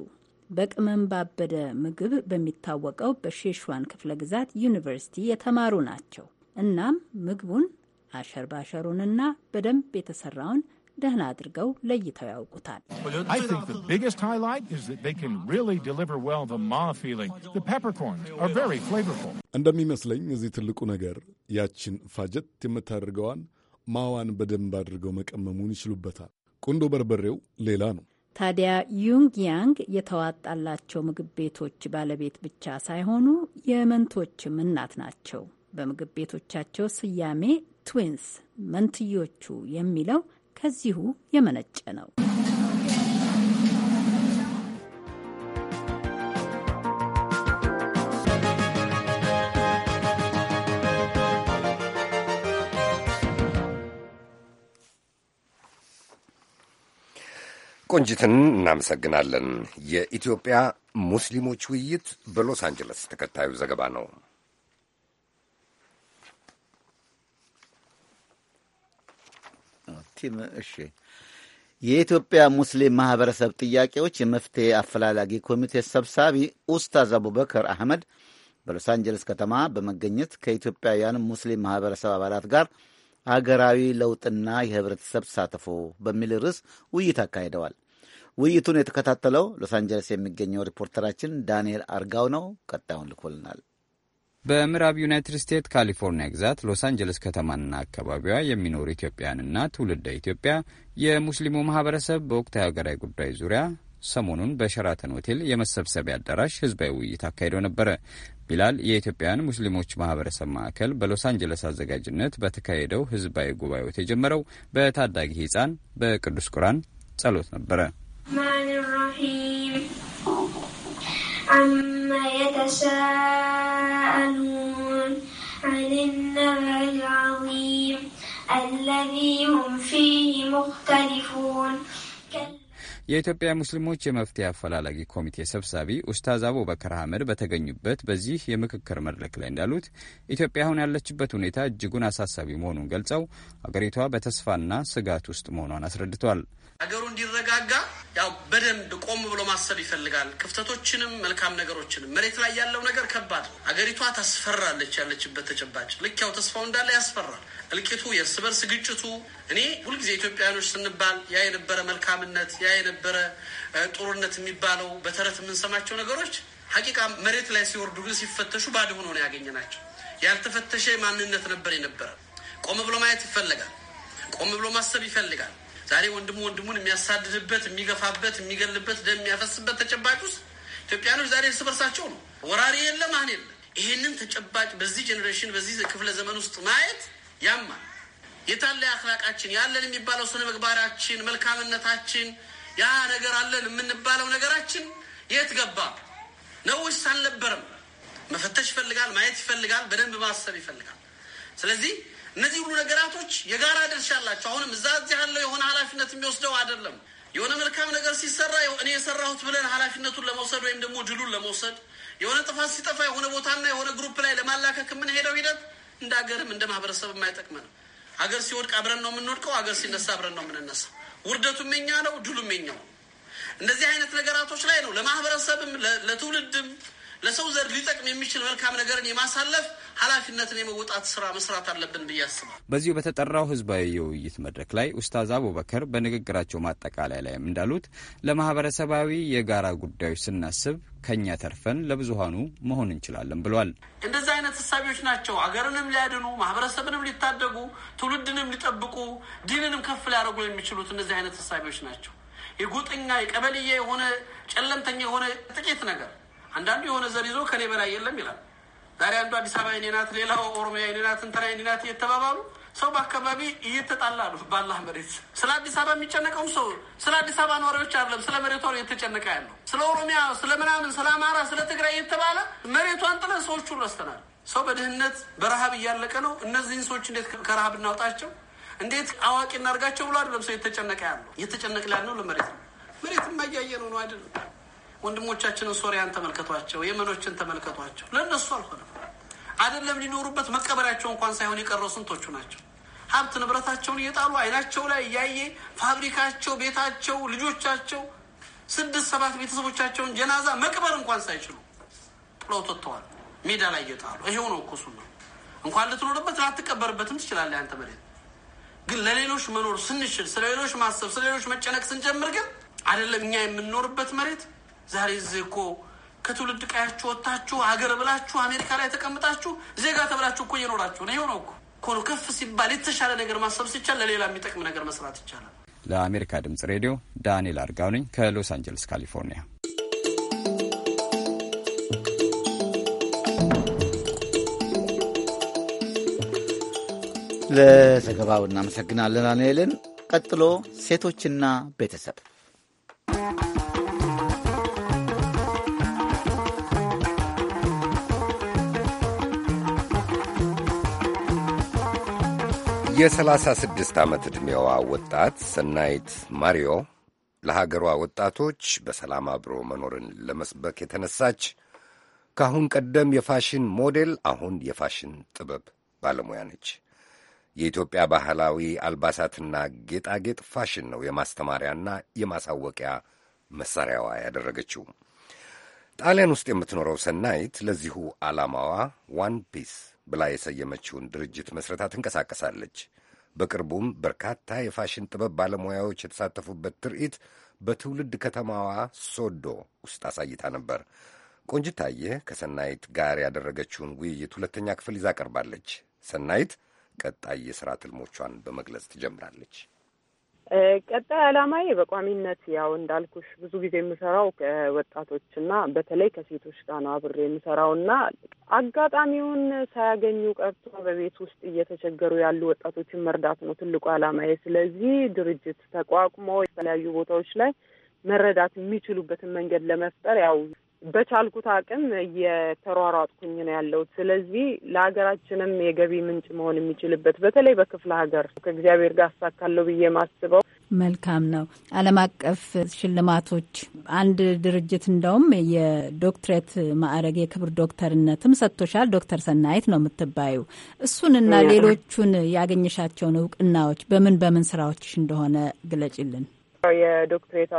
S17: በቅመም ባበደ ምግብ በሚታወቀው በሼሽዋን ክፍለ ግዛት ዩኒቨርሲቲ የተማሩ ናቸው። እናም ምግቡን አሸርባሸሩንና በደንብ የተሰራውን ደህና አድርገው ለይተው ያውቁታል።
S9: እንደሚመስለኝ እዚህ ትልቁ ነገር ያችን ፋጀት የምታደርገዋን ማዋን በደንብ አድርገው መቀመሙን ይችሉበታል። ቁንዶ በርበሬው ሌላ ነው።
S17: ታዲያ ዩንግ ያንግ የተዋጣላቸው ምግብ ቤቶች ባለቤት ብቻ ሳይሆኑ የመንቶችም እናት ናቸው። በምግብ ቤቶቻቸው ስያሜ ትዊንስ መንትዮቹ የሚለው ከዚሁ የመነጨ ነው።
S1: ቆንጅትን እናመሰግናለን። የኢትዮጵያ ሙስሊሞች ውይይት በሎስ አንጀለስ ተከታዩ ዘገባ ነው።
S2: እሺ። የኢትዮጵያ ሙስሊም ማህበረሰብ ጥያቄዎች የመፍትሄ አፈላላጊ ኮሚቴ ሰብሳቢ ኡስታዝ አቡበከር አህመድ በሎስ አንጀለስ ከተማ በመገኘት ከኢትዮጵያውያን ሙስሊም ማህበረሰብ አባላት ጋር አገራዊ ለውጥና የህብረተሰብ ተሳትፎ በሚል ርዕስ ውይይት አካሂደዋል። ውይይቱን የተከታተለው ሎስ አንጀለስ የሚገኘው ሪፖርተራችን ዳንኤል አርጋው ነው። ቀጣዩን ልኮልናል።
S18: በምዕራብ ዩናይትድ ስቴትስ ካሊፎርኒያ ግዛት ሎስ አንጀለስ ከተማና አካባቢዋ የሚኖሩ ኢትዮጵያውያንና ትውልደ ኢትዮጵያ የሙስሊሙ ማህበረሰብ በወቅታዊ ሀገራዊ ጉዳይ ዙሪያ ሰሞኑን በሸራተን ሆቴል የመሰብሰቢያ አዳራሽ ህዝባዊ ውይይት አካሂዶ ነበረ። ቢላል የኢትዮጵያውያን ሙስሊሞች ማህበረሰብ ማዕከል በሎስ አንጀለስ አዘጋጅነት በተካሄደው ህዝባዊ ጉባኤው የጀመረው በታዳጊ ህፃን በቅዱስ ቁርአን ጸሎት ነበረ።
S4: عما يتساءلون عن النبع العظيم الذي هم فيه مختلفون
S18: የኢትዮጵያ ሙስሊሞች የመፍትሄ አፈላላጊ ኮሚቴ ሰብሳቢ ኡስታዝ አቡበከር አህመድ በተገኙበት በዚህ የምክክር መድረክ ላይ እንዳሉት ኢትዮጵያ አሁን ያለችበት ሁኔታ እጅጉን አሳሳቢ መሆኑን ገልጸው አገሪቷ በተስፋና ስጋት ውስጥ መሆኗን አስረድቷል።
S8: አገሩ እንዲረጋጋ ያው በደንብ ቆም ብሎ ማሰብ ይፈልጋል። ክፍተቶችንም መልካም ነገሮችንም መሬት ላይ ያለው ነገር ከባድ ነው። አገሪቷ ታስፈራለች። ያለችበት ተጨባጭ ልክ ያው ተስፋው እንዳለ ያስፈራል። እልቂቱ፣ የእርስ በርስ ግጭቱ እኔ ሁልጊዜ ኢትዮጵያውያኖች ስንባል ያ የነበረ መልካምነት ያ የነበረ ጥሩነት የሚባለው በተረት የምንሰማቸው ነገሮች ሀቂቃ መሬት ላይ ሲወርዱ ግን ሲፈተሹ ባድ ሆኖ ነው ናቸው። ያልተፈተሸ ማንነት ነበር የነበረ። ቆም ብሎ ማየት ይፈልጋል። ቆም ብሎ ማሰብ ይፈልጋል። ዛሬ ወንድሙ ወንድሙን የሚያሳድድበት፣ የሚገፋበት፣ የሚገልበት፣ ደም የሚያፈስበት ተጨባጭ ውስጥ ኢትዮጵያኖች ዛሬ እርስ በርሳቸው ነው። ወራሪ የለ ማን የለ። ይህንን ተጨባጭ በዚህ ጄኔሬሽን በዚህ ክፍለ ዘመን ውስጥ ማየት ያማል። የታለ አክላቃችን ያለን የሚባለው ስነ ምግባራችን፣ መልካምነታችን ያ ነገር አለን የምንባለው ነገራችን የት ገባ ነው አልነበረም? መፈተሽ ይፈልጋል፣ ማየት ይፈልጋል፣ በደንብ ማሰብ ይፈልጋል። ስለዚህ እነዚህ ሁሉ ነገራቶች የጋራ ድርሻ አላቸው። አሁንም እዛ እዚህ ያለው የሆነ ኃላፊነት የሚወስደው አይደለም። የሆነ መልካም ነገር ሲሰራ እኔ የሰራሁት ብለን ኃላፊነቱን ለመውሰድ ወይም ደግሞ ድሉን ለመውሰድ የሆነ ጥፋት ሲጠፋ የሆነ ቦታና የሆነ ግሩፕ ላይ ለማላከክ የምንሄደው ሂደት እንደ ሀገርም እንደ ማህበረሰብ የማይጠቅም ነው። ሀገር ሲወድቅ አብረን ነው የምንወድቀው። ሀገር ሲነሳ አብረን ነው የምንነሳ። ውርደቱም የኛ ነው፣ ድሉም የኛው። እንደዚህ አይነት ነገራቶች ላይ ነው ለማህበረሰብም ለትውልድም ለሰው ዘር ሊጠቅም የሚችል መልካም ነገርን የማሳለፍ ኃላፊነትን የመወጣት ስራ መስራት አለብን ብዬ አስባል።
S18: በዚሁ በተጠራው ህዝባዊ የውይይት መድረክ ላይ ኡስታዝ አቡበከር በንግግራቸው ማጠቃለያ ላይም እንዳሉት ለማህበረሰባዊ የጋራ ጉዳዮች ስናስብ ከእኛ ተርፈን ለብዙሀኑ መሆን እንችላለን ብሏል።
S8: እንደዚህ አይነት እሳቢዎች ናቸው አገርንም ሊያድኑ ማህበረሰብንም ሊታደጉ ትውልድንም ሊጠብቁ ዲንንም ከፍ ሊያደርጉ የሚችሉት እነዚህ አይነት እሳቢዎች ናቸው። የጎጠኛ የቀበሌያ የሆነ ጨለምተኛ የሆነ ጥቂት ነገር አንዳንዱ የሆነ ዘር ይዞ ከኔ በላይ የለም ይላል። ዛሬ አንዱ አዲስ አበባ የኔ ናት፣ ሌላው ኦሮሚያ የኔ ናት፣ እንትና የኔ ናት እየተባባሉ ሰው በአካባቢ እየተጣላ ነው። ባላህ መሬት ስለ አዲስ አበባ የሚጨነቀውም ሰው ስለ አዲስ አበባ ነዋሪዎች አይደለም፣ ስለ መሬቷ ነው እየተጨነቀ ያለው ስለ ኦሮሚያ፣ ስለ ምናምን፣ ስለ አማራ፣ ስለ ትግራይ እየተባለ መሬቷን ጥለን ሰዎቹን ረስተናል። ሰው በድህነት በረሃብ እያለቀ ነው። እነዚህን ሰዎች እንዴት ከረሃብ እናውጣቸው፣ እንዴት አዋቂ እናርጋቸው ብሎ አይደለም ሰው እየተጨነቀ ያለው። እየተጨነቅ ነው ለመሬት ነው። መሬት የማያየ ነው ነው አይደለም ወንድሞቻችንን ሶሪያን ተመልከቷቸው፣ የመኖችን ተመልከቷቸው። ለእነሱ አልሆነም አይደለም ሊኖሩበት መቀበሪያቸው እንኳን ሳይሆን የቀረው ስንቶቹ ናቸው? ሀብት ንብረታቸውን እየጣሉ አይናቸው ላይ እያየ ፋብሪካቸው፣ ቤታቸው፣ ልጆቻቸው ስድስት ሰባት ቤተሰቦቻቸውን ጀናዛ መቅበር እንኳን ሳይችሉ ጥለው ተጥተዋል። ሜዳ ላይ እየጣሉ ይሄው ነው እኮ ነው እንኳን ልትኖርበት ላትቀበርበትም ትችላለህ አንተ መሬት። ግን ለሌሎች መኖር ስንችል፣ ስለሌሎች ማሰብ፣ ስለሌሎች መጨነቅ ስንጀምር ግን አይደለም እኛ የምንኖርበት መሬት ዛሬ እዚህ እኮ ከትውልድ ቀያችሁ ወጥታችሁ ሀገር ብላችሁ አሜሪካ ላይ ተቀምጣችሁ ዜጋ ተብላችሁ እኮ እየኖራችሁ ነው። የሆነው እኮ ከፍ ሲባል የተሻለ ነገር ማሰብ ሲቻል ለሌላ የሚጠቅም ነገር መስራት ይቻላል።
S18: ለአሜሪካ ድምጽ ሬዲዮ ዳንኤል አርጋው ነኝ ከሎስ አንጀልስ ካሊፎርኒያ።
S2: ለዘገባው እናመሰግናለን አንኤልን። ቀጥሎ ሴቶችና ቤተሰብ
S1: የ36 ዓመት ዕድሜዋ ወጣት ሰናይት ማሪዮ ለሀገሯ ወጣቶች በሰላም አብሮ መኖርን ለመስበክ የተነሳች ከአሁን ቀደም የፋሽን ሞዴል አሁን የፋሽን ጥበብ ባለሙያ ነች። የኢትዮጵያ ባህላዊ አልባሳትና ጌጣጌጥ ፋሽን ነው የማስተማሪያና የማሳወቂያ መሳሪያዋ ያደረገችው። ጣሊያን ውስጥ የምትኖረው ሰናይት ለዚሁ ዓላማዋ ዋን ፒስ ብላ የሰየመችውን ድርጅት መስረታ ትንቀሳቀሳለች። በቅርቡም በርካታ የፋሽን ጥበብ ባለሙያዎች የተሳተፉበት ትርኢት በትውልድ ከተማዋ ሶዶ ውስጥ አሳይታ ነበር። ቆንጅታየ ከሰናይት ጋር ያደረገችውን ውይይት ሁለተኛ ክፍል ይዛ ቀርባለች። ሰናይት ቀጣይ የሥራ ትልሞቿን በመግለጽ ትጀምራለች።
S16: ቀጣይ ዓላማዬ በቋሚነት ያው እንዳልኩሽ ብዙ ጊዜ የምሰራው እና በተለይ ከሴቶች ጋር ነው አብሬ እና አጋጣሚውን ሳያገኙ ቀርቶ በቤት ውስጥ እየተቸገሩ ያሉ ወጣቶችን መርዳት ነው ትልቁ ዓላማዬ። ስለዚህ ድርጅት ተቋቁሞ የተለያዩ ቦታዎች ላይ መረዳት የሚችሉበትን መንገድ ለመፍጠር ያው በቻልኩት አቅም እየተሯሯጥኩኝ ነው ያለሁት። ስለዚህ ለሀገራችንም የገቢ ምንጭ መሆን የሚችልበት በተለይ በክፍለ ሀገር ከእግዚአብሔር ጋር አሳካለሁ ብዬ ማስበው
S17: መልካም ነው። ዓለም አቀፍ ሽልማቶች አንድ ድርጅት እንደውም የዶክትሬት ማዕረግ የክብር ዶክተርነትም ሰጥቶሻል። ዶክተር ሰናይት ነው የምትባዩ። እሱንና ሌሎቹን ያገኘሻቸውን እውቅናዎች በምን በምን ስራዎችሽ እንደሆነ ግለጭልን።
S16: የዶክትሬት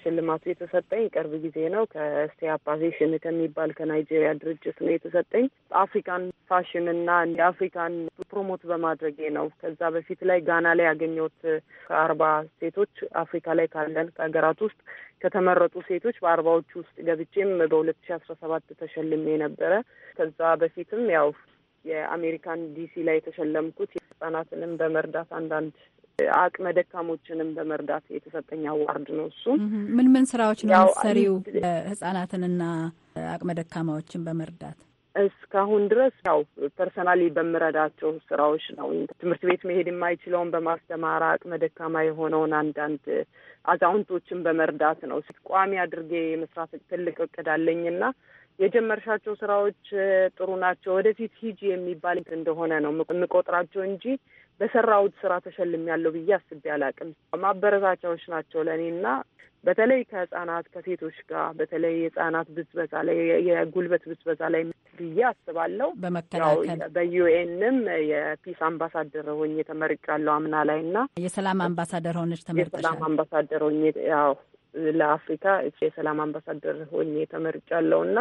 S16: ሽልማቱ የተሰጠኝ ቅርብ ጊዜ ነው። ከስቴ ቪሽን ከሚባል ከናይጄሪያ ድርጅት ነው የተሰጠኝ። አፍሪካን ፋሽን እና የአፍሪካን ፕሮሞት በማድረጌ ነው። ከዛ በፊት ላይ ጋና ላይ ያገኘሁት ከአርባ ሴቶች አፍሪካ ላይ ካለን ከሀገራት ውስጥ ከተመረጡ ሴቶች በአርባዎቹ ውስጥ ገብቼም በሁለት ሺ አስራ ሰባት ተሸልሜ ነበረ። ከዛ በፊትም ያው የአሜሪካን ዲሲ ላይ የተሸለምኩት ህጻናትንም በመርዳት አንዳንድ አቅመ ደካሞችንም በመርዳት የተሰጠኝ አዋርድ ነው። እሱ
S17: ምን ምን ስራዎች ነው ሰሪው ህጻናትንና አቅመ ደካማዎችን በመርዳት
S16: እስካሁን ድረስ ያው ፐርሰናሊ በምረዳቸው ስራዎች ነው። ትምህርት ቤት መሄድ የማይችለውን በማስተማር አቅመ ደካማ የሆነውን አንዳንድ አዛውንቶችን በመርዳት ነው። ቋሚ አድርጌ የመስራት ትልቅ እቅድ አለኝና የጀመርሻቸው ስራዎች ጥሩ ናቸው፣ ወደፊት ሂጂ የሚባል እንደሆነ ነው የምቆጥራቸው እንጂ በሰራሁት ስራ ተሸልም ያለው ብዬ አስቤ አላቅም። ማበረታቻዎች ናቸው ለእኔ ለእኔና በተለይ ከህጻናት ከሴቶች ጋር በተለይ የህጻናት ብዝበዛ ላይ የጉልበት ብዝበዛ ላይ ብዬ አስባለሁ።
S17: በመከላከል
S16: በዩኤንም የፒስ አምባሳደር ሆኝ ተመርጫለሁ አምና ላይ እና
S17: የሰላም አምባሳደር ሆነች ተመርጠሻል። የሰላም
S16: አምባሳደር ሆኝ ያው ለአፍሪካ የሰላም አምባሳደር ሆኜ ተመርጫለሁ እና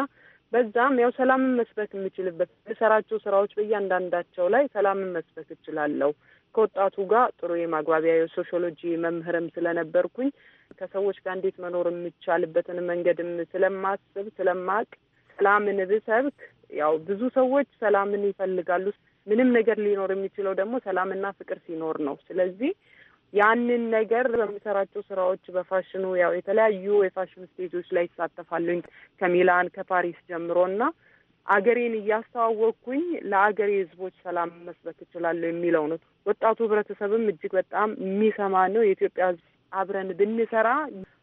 S16: በዛም ያው ሰላምን መስበክ የምችልበት የምሰራቸው ስራዎች በእያንዳንዳቸው ላይ ሰላምን መስበክ እችላለሁ። ከወጣቱ ጋር ጥሩ የማግባቢያ የሶሽዮሎጂ መምህርም ስለነበርኩኝ ከሰዎች ጋር እንዴት መኖር የሚቻልበትን መንገድም ስለማስብ ስለማቅ ሰላምን ብሰብክ ያው ብዙ ሰዎች ሰላምን ይፈልጋሉ። ምንም ነገር ሊኖር የሚችለው ደግሞ ሰላምና ፍቅር ሲኖር ነው። ስለዚህ ያንን ነገር በሚሰራቸው ስራዎች በፋሽኑ ያው የተለያዩ የፋሽን ስቴጆች ላይ ይሳተፋለኝ ከሚላን ከፓሪስ ጀምሮ እና አገሬን እያስተዋወቅኩኝ ለአገሬ ህዝቦች ሰላም መስበክ እችላለሁ የሚለው ነው። ወጣቱ ህብረተሰብም እጅግ በጣም የሚሰማ ነው። የኢትዮጵያ ሕዝብ አብረን ብንሰራ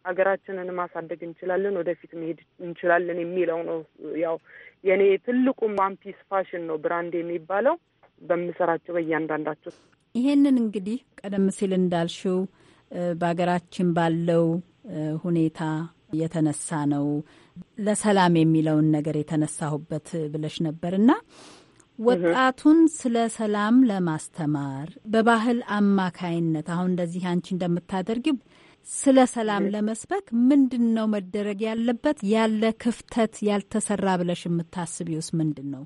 S16: ሀገራችንን ማሳደግ እንችላለን፣ ወደፊት መሄድ እንችላለን የሚለው ነው። ያው የኔ ትልቁ ዋን ፒስ ፋሽን ነው ብራንድ የሚባለው በምሰራቸው በእያንዳንዳቸው
S17: ይሄንን እንግዲህ ቀደም ሲል እንዳልሽው በሀገራችን ባለው ሁኔታ የተነሳ ነው ለሰላም የሚለውን ነገር የተነሳሁበት ብለሽ ነበር እና ወጣቱን ስለ ሰላም ለማስተማር በባህል አማካይነት አሁን እንደዚህ አንቺ እንደምታደርጊው ስለ ሰላም ለመስበክ ምንድን ነው መደረግ ያለበት? ያለ ክፍተት ያልተሰራ ብለሽ የምታስቢውስ ምንድን ነው?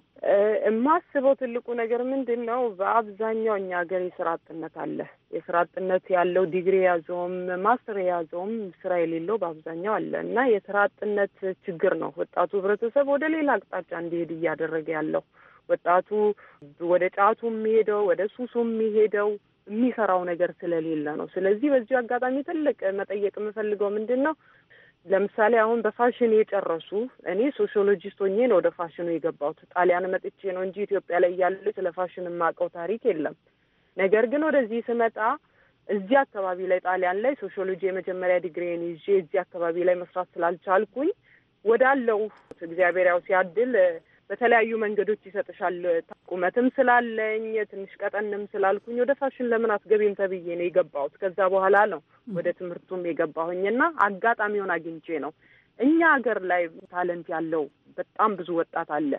S16: የማስበው ትልቁ ነገር ምንድን ነው፣ በአብዛኛው እኛ ሀገር የስራ አጥነት አለ። የስራ አጥነት ያለው ዲግሪ የያዘውም ማስተር የያዘውም ስራ የሌለው በአብዛኛው አለ እና የስራ አጥነት ችግር ነው ወጣቱ ህብረተሰብ ወደ ሌላ አቅጣጫ እንዲሄድ እያደረገ ያለው። ወጣቱ ወደ ጫቱ የሚሄደው ወደ ሱሱ የሚሄደው የሚሰራው ነገር ስለሌለ ነው። ስለዚህ በዚሁ አጋጣሚ ትልቅ መጠየቅ የምፈልገው ምንድን ነው ለምሳሌ አሁን በፋሽን የጨረሱ እኔ ሶሺዮሎጂስት ሆኜ ነው ወደ ፋሽኑ የገባሁት። ጣሊያን መጥቼ ነው እንጂ ኢትዮጵያ ላይ እያለሁ ስለ ፋሽን የማውቀው ታሪክ የለም። ነገር ግን ወደዚህ ስመጣ እዚህ አካባቢ ላይ ጣሊያን ላይ ሶሺዮሎጂ የመጀመሪያ ዲግሪን ይዤ እዚህ አካባቢ ላይ መስራት ስላልቻልኩኝ ወዳለው እግዚአብሔር ያው ሲያድል በተለያዩ መንገዶች ይሰጥሻል። ቁመትም ስላለኝ ትንሽ ቀጠንም ስላልኩኝ ወደ ፋሽን ለምን አትገቢም ተብዬ ነው የገባሁት። ከዛ በኋላ ነው ወደ ትምህርቱም የገባሁኝ እና አጋጣሚውን አግኝቼ ነው። እኛ ሀገር ላይ ታለንት ያለው በጣም ብዙ ወጣት አለ።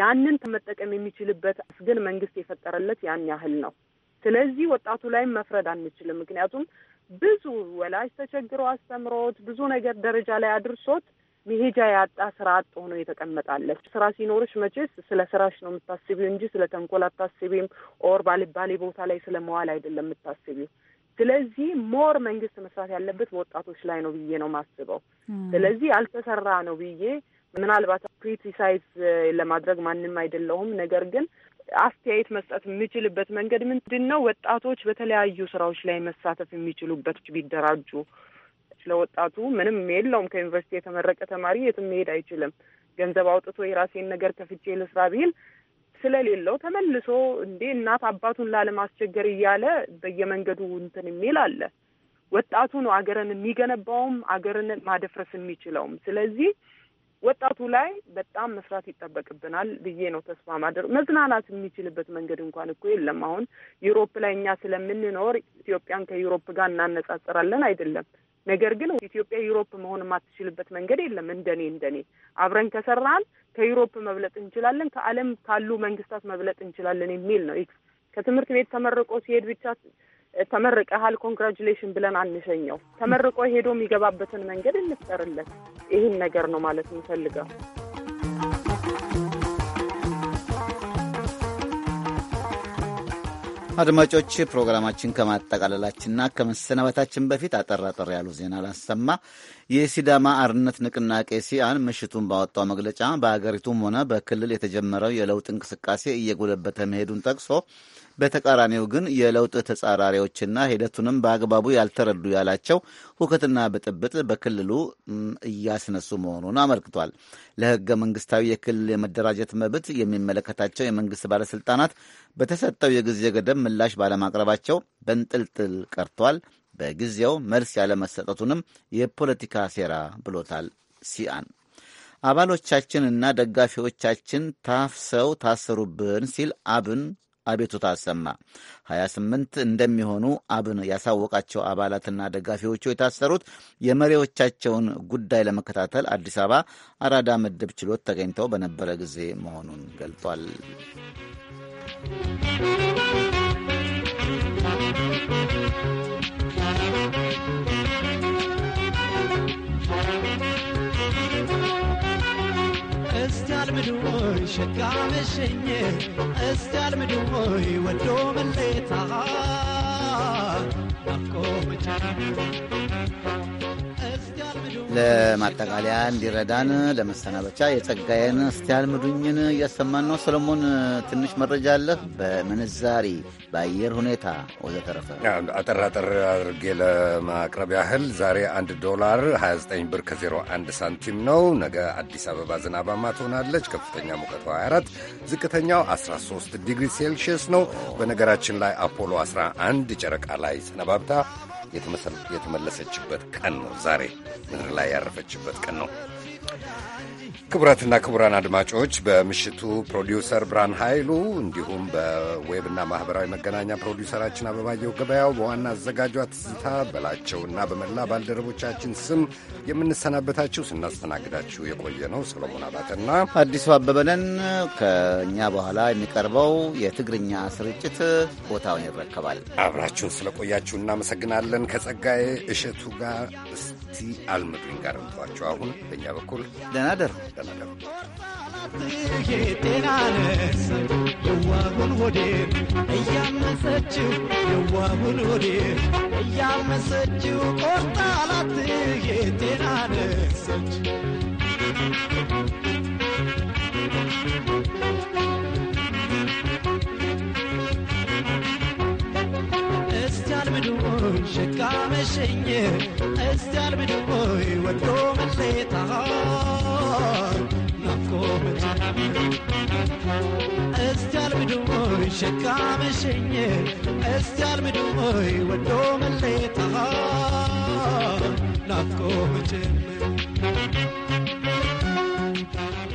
S16: ያንን መጠቀም የሚችልበት ግን መንግስት የፈጠረለት ያን ያህል ነው። ስለዚህ ወጣቱ ላይም መፍረድ አንችልም። ምክንያቱም ብዙ ወላጅ ተቸግሮ አስተምሮት ብዙ ነገር ደረጃ ላይ አድርሶት መሄጃ ያጣ ስራ አጥ ሆኖ የተቀመጣለች። ስራ ሲኖርሽ መቼስ ስለ ስራሽ ነው የምታስቢው እንጂ ስለ ተንኮል አታስቢም። ኦር ባልባሌ ቦታ ላይ ስለ መዋል አይደለም የምታስቢው። ስለዚህ ሞር መንግስት መስራት ያለበት በወጣቶች ላይ ነው ብዬ ነው የማስበው። ስለዚህ አልተሰራ ነው ብዬ ምናልባት ክሪቲሳይዝ ለማድረግ ማንም አይደለሁም። ነገር ግን አስተያየት መስጠት የምችልበት መንገድ ምንድን ነው? ወጣቶች በተለያዩ ስራዎች ላይ መሳተፍ የሚችሉበት ቢደራጁ ለወጣቱ ምንም የለውም። ከዩኒቨርሲቲ የተመረቀ ተማሪ የትም መሄድ አይችልም። ገንዘብ አውጥቶ የራሴን ነገር ከፍቼ ልስራ ቢል ስለሌለው ተመልሶ እንዴ እናት አባቱን ላለማስቸገር እያለ በየመንገዱ እንትን የሚል አለ። ወጣቱ ነው አገርን የሚገነባውም አገርን ማደፍረስ የሚችለውም። ስለዚህ ወጣቱ ላይ በጣም መስራት ይጠበቅብናል ብዬ ነው ተስፋ ማድረግ። መዝናናት የሚችልበት መንገድ እንኳን እኮ የለም። አሁን ዩሮፕ ላይ እኛ ስለምንኖር ኢትዮጵያን ከዩሮፕ ጋር እናነጻጽራለን አይደለም። ነገር ግን ኢትዮጵያ ዩሮፕ መሆን የማትችልበት መንገድ የለም። እንደኔ እንደኔ አብረን ከሰራን ከዩሮፕ መብለጥ እንችላለን፣ ከዓለም ካሉ መንግስታት መብለጥ እንችላለን የሚል ነው። ከትምህርት ቤት ተመርቆ ሲሄድ ብቻ ተመርቀሃል ኮንግራጁሌሽን ብለን አንሸኘው። ተመርቆ ሄዶ የሚገባበትን መንገድ እንፍጠርለት። ይህን ነገር ነው ማለት የምፈልገው።
S2: አድማጮች ፕሮግራማችን ከማጠቃለላችንና ከመሰናበታችን በፊት አጠር አጠር ያሉ ዜና ላሰማ። የሲዳማ አርነት ንቅናቄ ሲአን ምሽቱን ባወጣው መግለጫ በአገሪቱም ሆነ በክልል የተጀመረው የለውጥ እንቅስቃሴ እየጎለበተ መሄዱን ጠቅሶ በተቃራኒው ግን የለውጥ ተጻራሪዎችና ሂደቱንም በአግባቡ ያልተረዱ ያላቸው ሁከትና ብጥብጥ በክልሉ እያስነሱ መሆኑን አመልክቷል። ለሕገ መንግስታዊ የክልል የመደራጀት መብት የሚመለከታቸው የመንግስት ባለስልጣናት በተሰጠው የጊዜ ገደብ ምላሽ ባለማቅረባቸው በንጥልጥል ቀርቷል። በጊዜው መልስ ያለመሰጠቱንም የፖለቲካ ሴራ ብሎታል ሲአን አባሎቻችንና ደጋፊዎቻችን ታፍሰው ታሰሩብን ሲል አብን አቤቱታ አሰማ። 28 እንደሚሆኑ አብን ያሳወቃቸው አባላትና ደጋፊዎቹ የታሰሩት የመሪዎቻቸውን ጉዳይ ለመከታተል አዲስ አበባ አራዳ ምድብ ችሎት ተገኝተው በነበረ ጊዜ መሆኑን ገልጧል። አስታድምድሞ ሸጋ መሸኘ እስታድምድሞ ወዶ መሌታ ናፍቆ መቻ ለማጠቃለያ እንዲረዳን ለመሰናበቻ የጸጋዬን እስቲያል ምዱኝን እያሰማን ነው። ሰለሞን ትንሽ መረጃ አለህ? በምንዛሪ በአየር ሁኔታ ወዘተረፈ
S1: አጠር አጠር አድርጌ ለማቅረብ ያህል ዛሬ 1 ዶላር 29 ብር ከ01 ሳንቲም ነው። ነገ አዲስ አበባ ዝናባማ ትሆናለች። ከፍተኛ ሙቀት 24፣ ዝቅተኛው 13 ዲግሪ ሴልሺየስ ነው። በነገራችን ላይ አፖሎ 11 ጨረቃ ላይ ሰነባብታ የተመለሰችበት ቀን ነው። ዛሬ ምድር ላይ ያረፈችበት ቀን ነው። ክቡራትና ክቡራን አድማጮች በምሽቱ ፕሮዲውሰር ብርሃን ኃይሉ እንዲሁም በዌብና ማኅበራዊ መገናኛ ፕሮዲውሰራችን አበባየው ገበያው በዋና አዘጋጇ ትዝታ በላቸውና በመላ ባልደረቦቻችን ስም የምንሰናበታችሁ ስናስተናግዳችሁ
S2: የቆየ ነው ሰሎሞን አባተና አዲሱ አበበነን። ከእኛ በኋላ የሚቀርበው የትግርኛ ስርጭት ቦታውን ይረከባል። አብራችሁን ስለቆያችሁ
S1: እናመሰግናለን። ከጸጋዬ እሸቱ ጋር ቲ አልምሪን ጋር እንተዋቸው። አሁን በእኛ በኩል
S2: ደናደር ደናደሩ ጤናነስ የዋሁን እያመሰችው የዋሁን እያመሰችው
S8: بدوي شكا مشي ازدار بدوي ودو ملي
S2: طغان نفكو متنبي ازدار
S5: بدوي شكا مشي
S2: ازدار بدوي ودو
S8: ملي
S16: طغان نفكو متنبي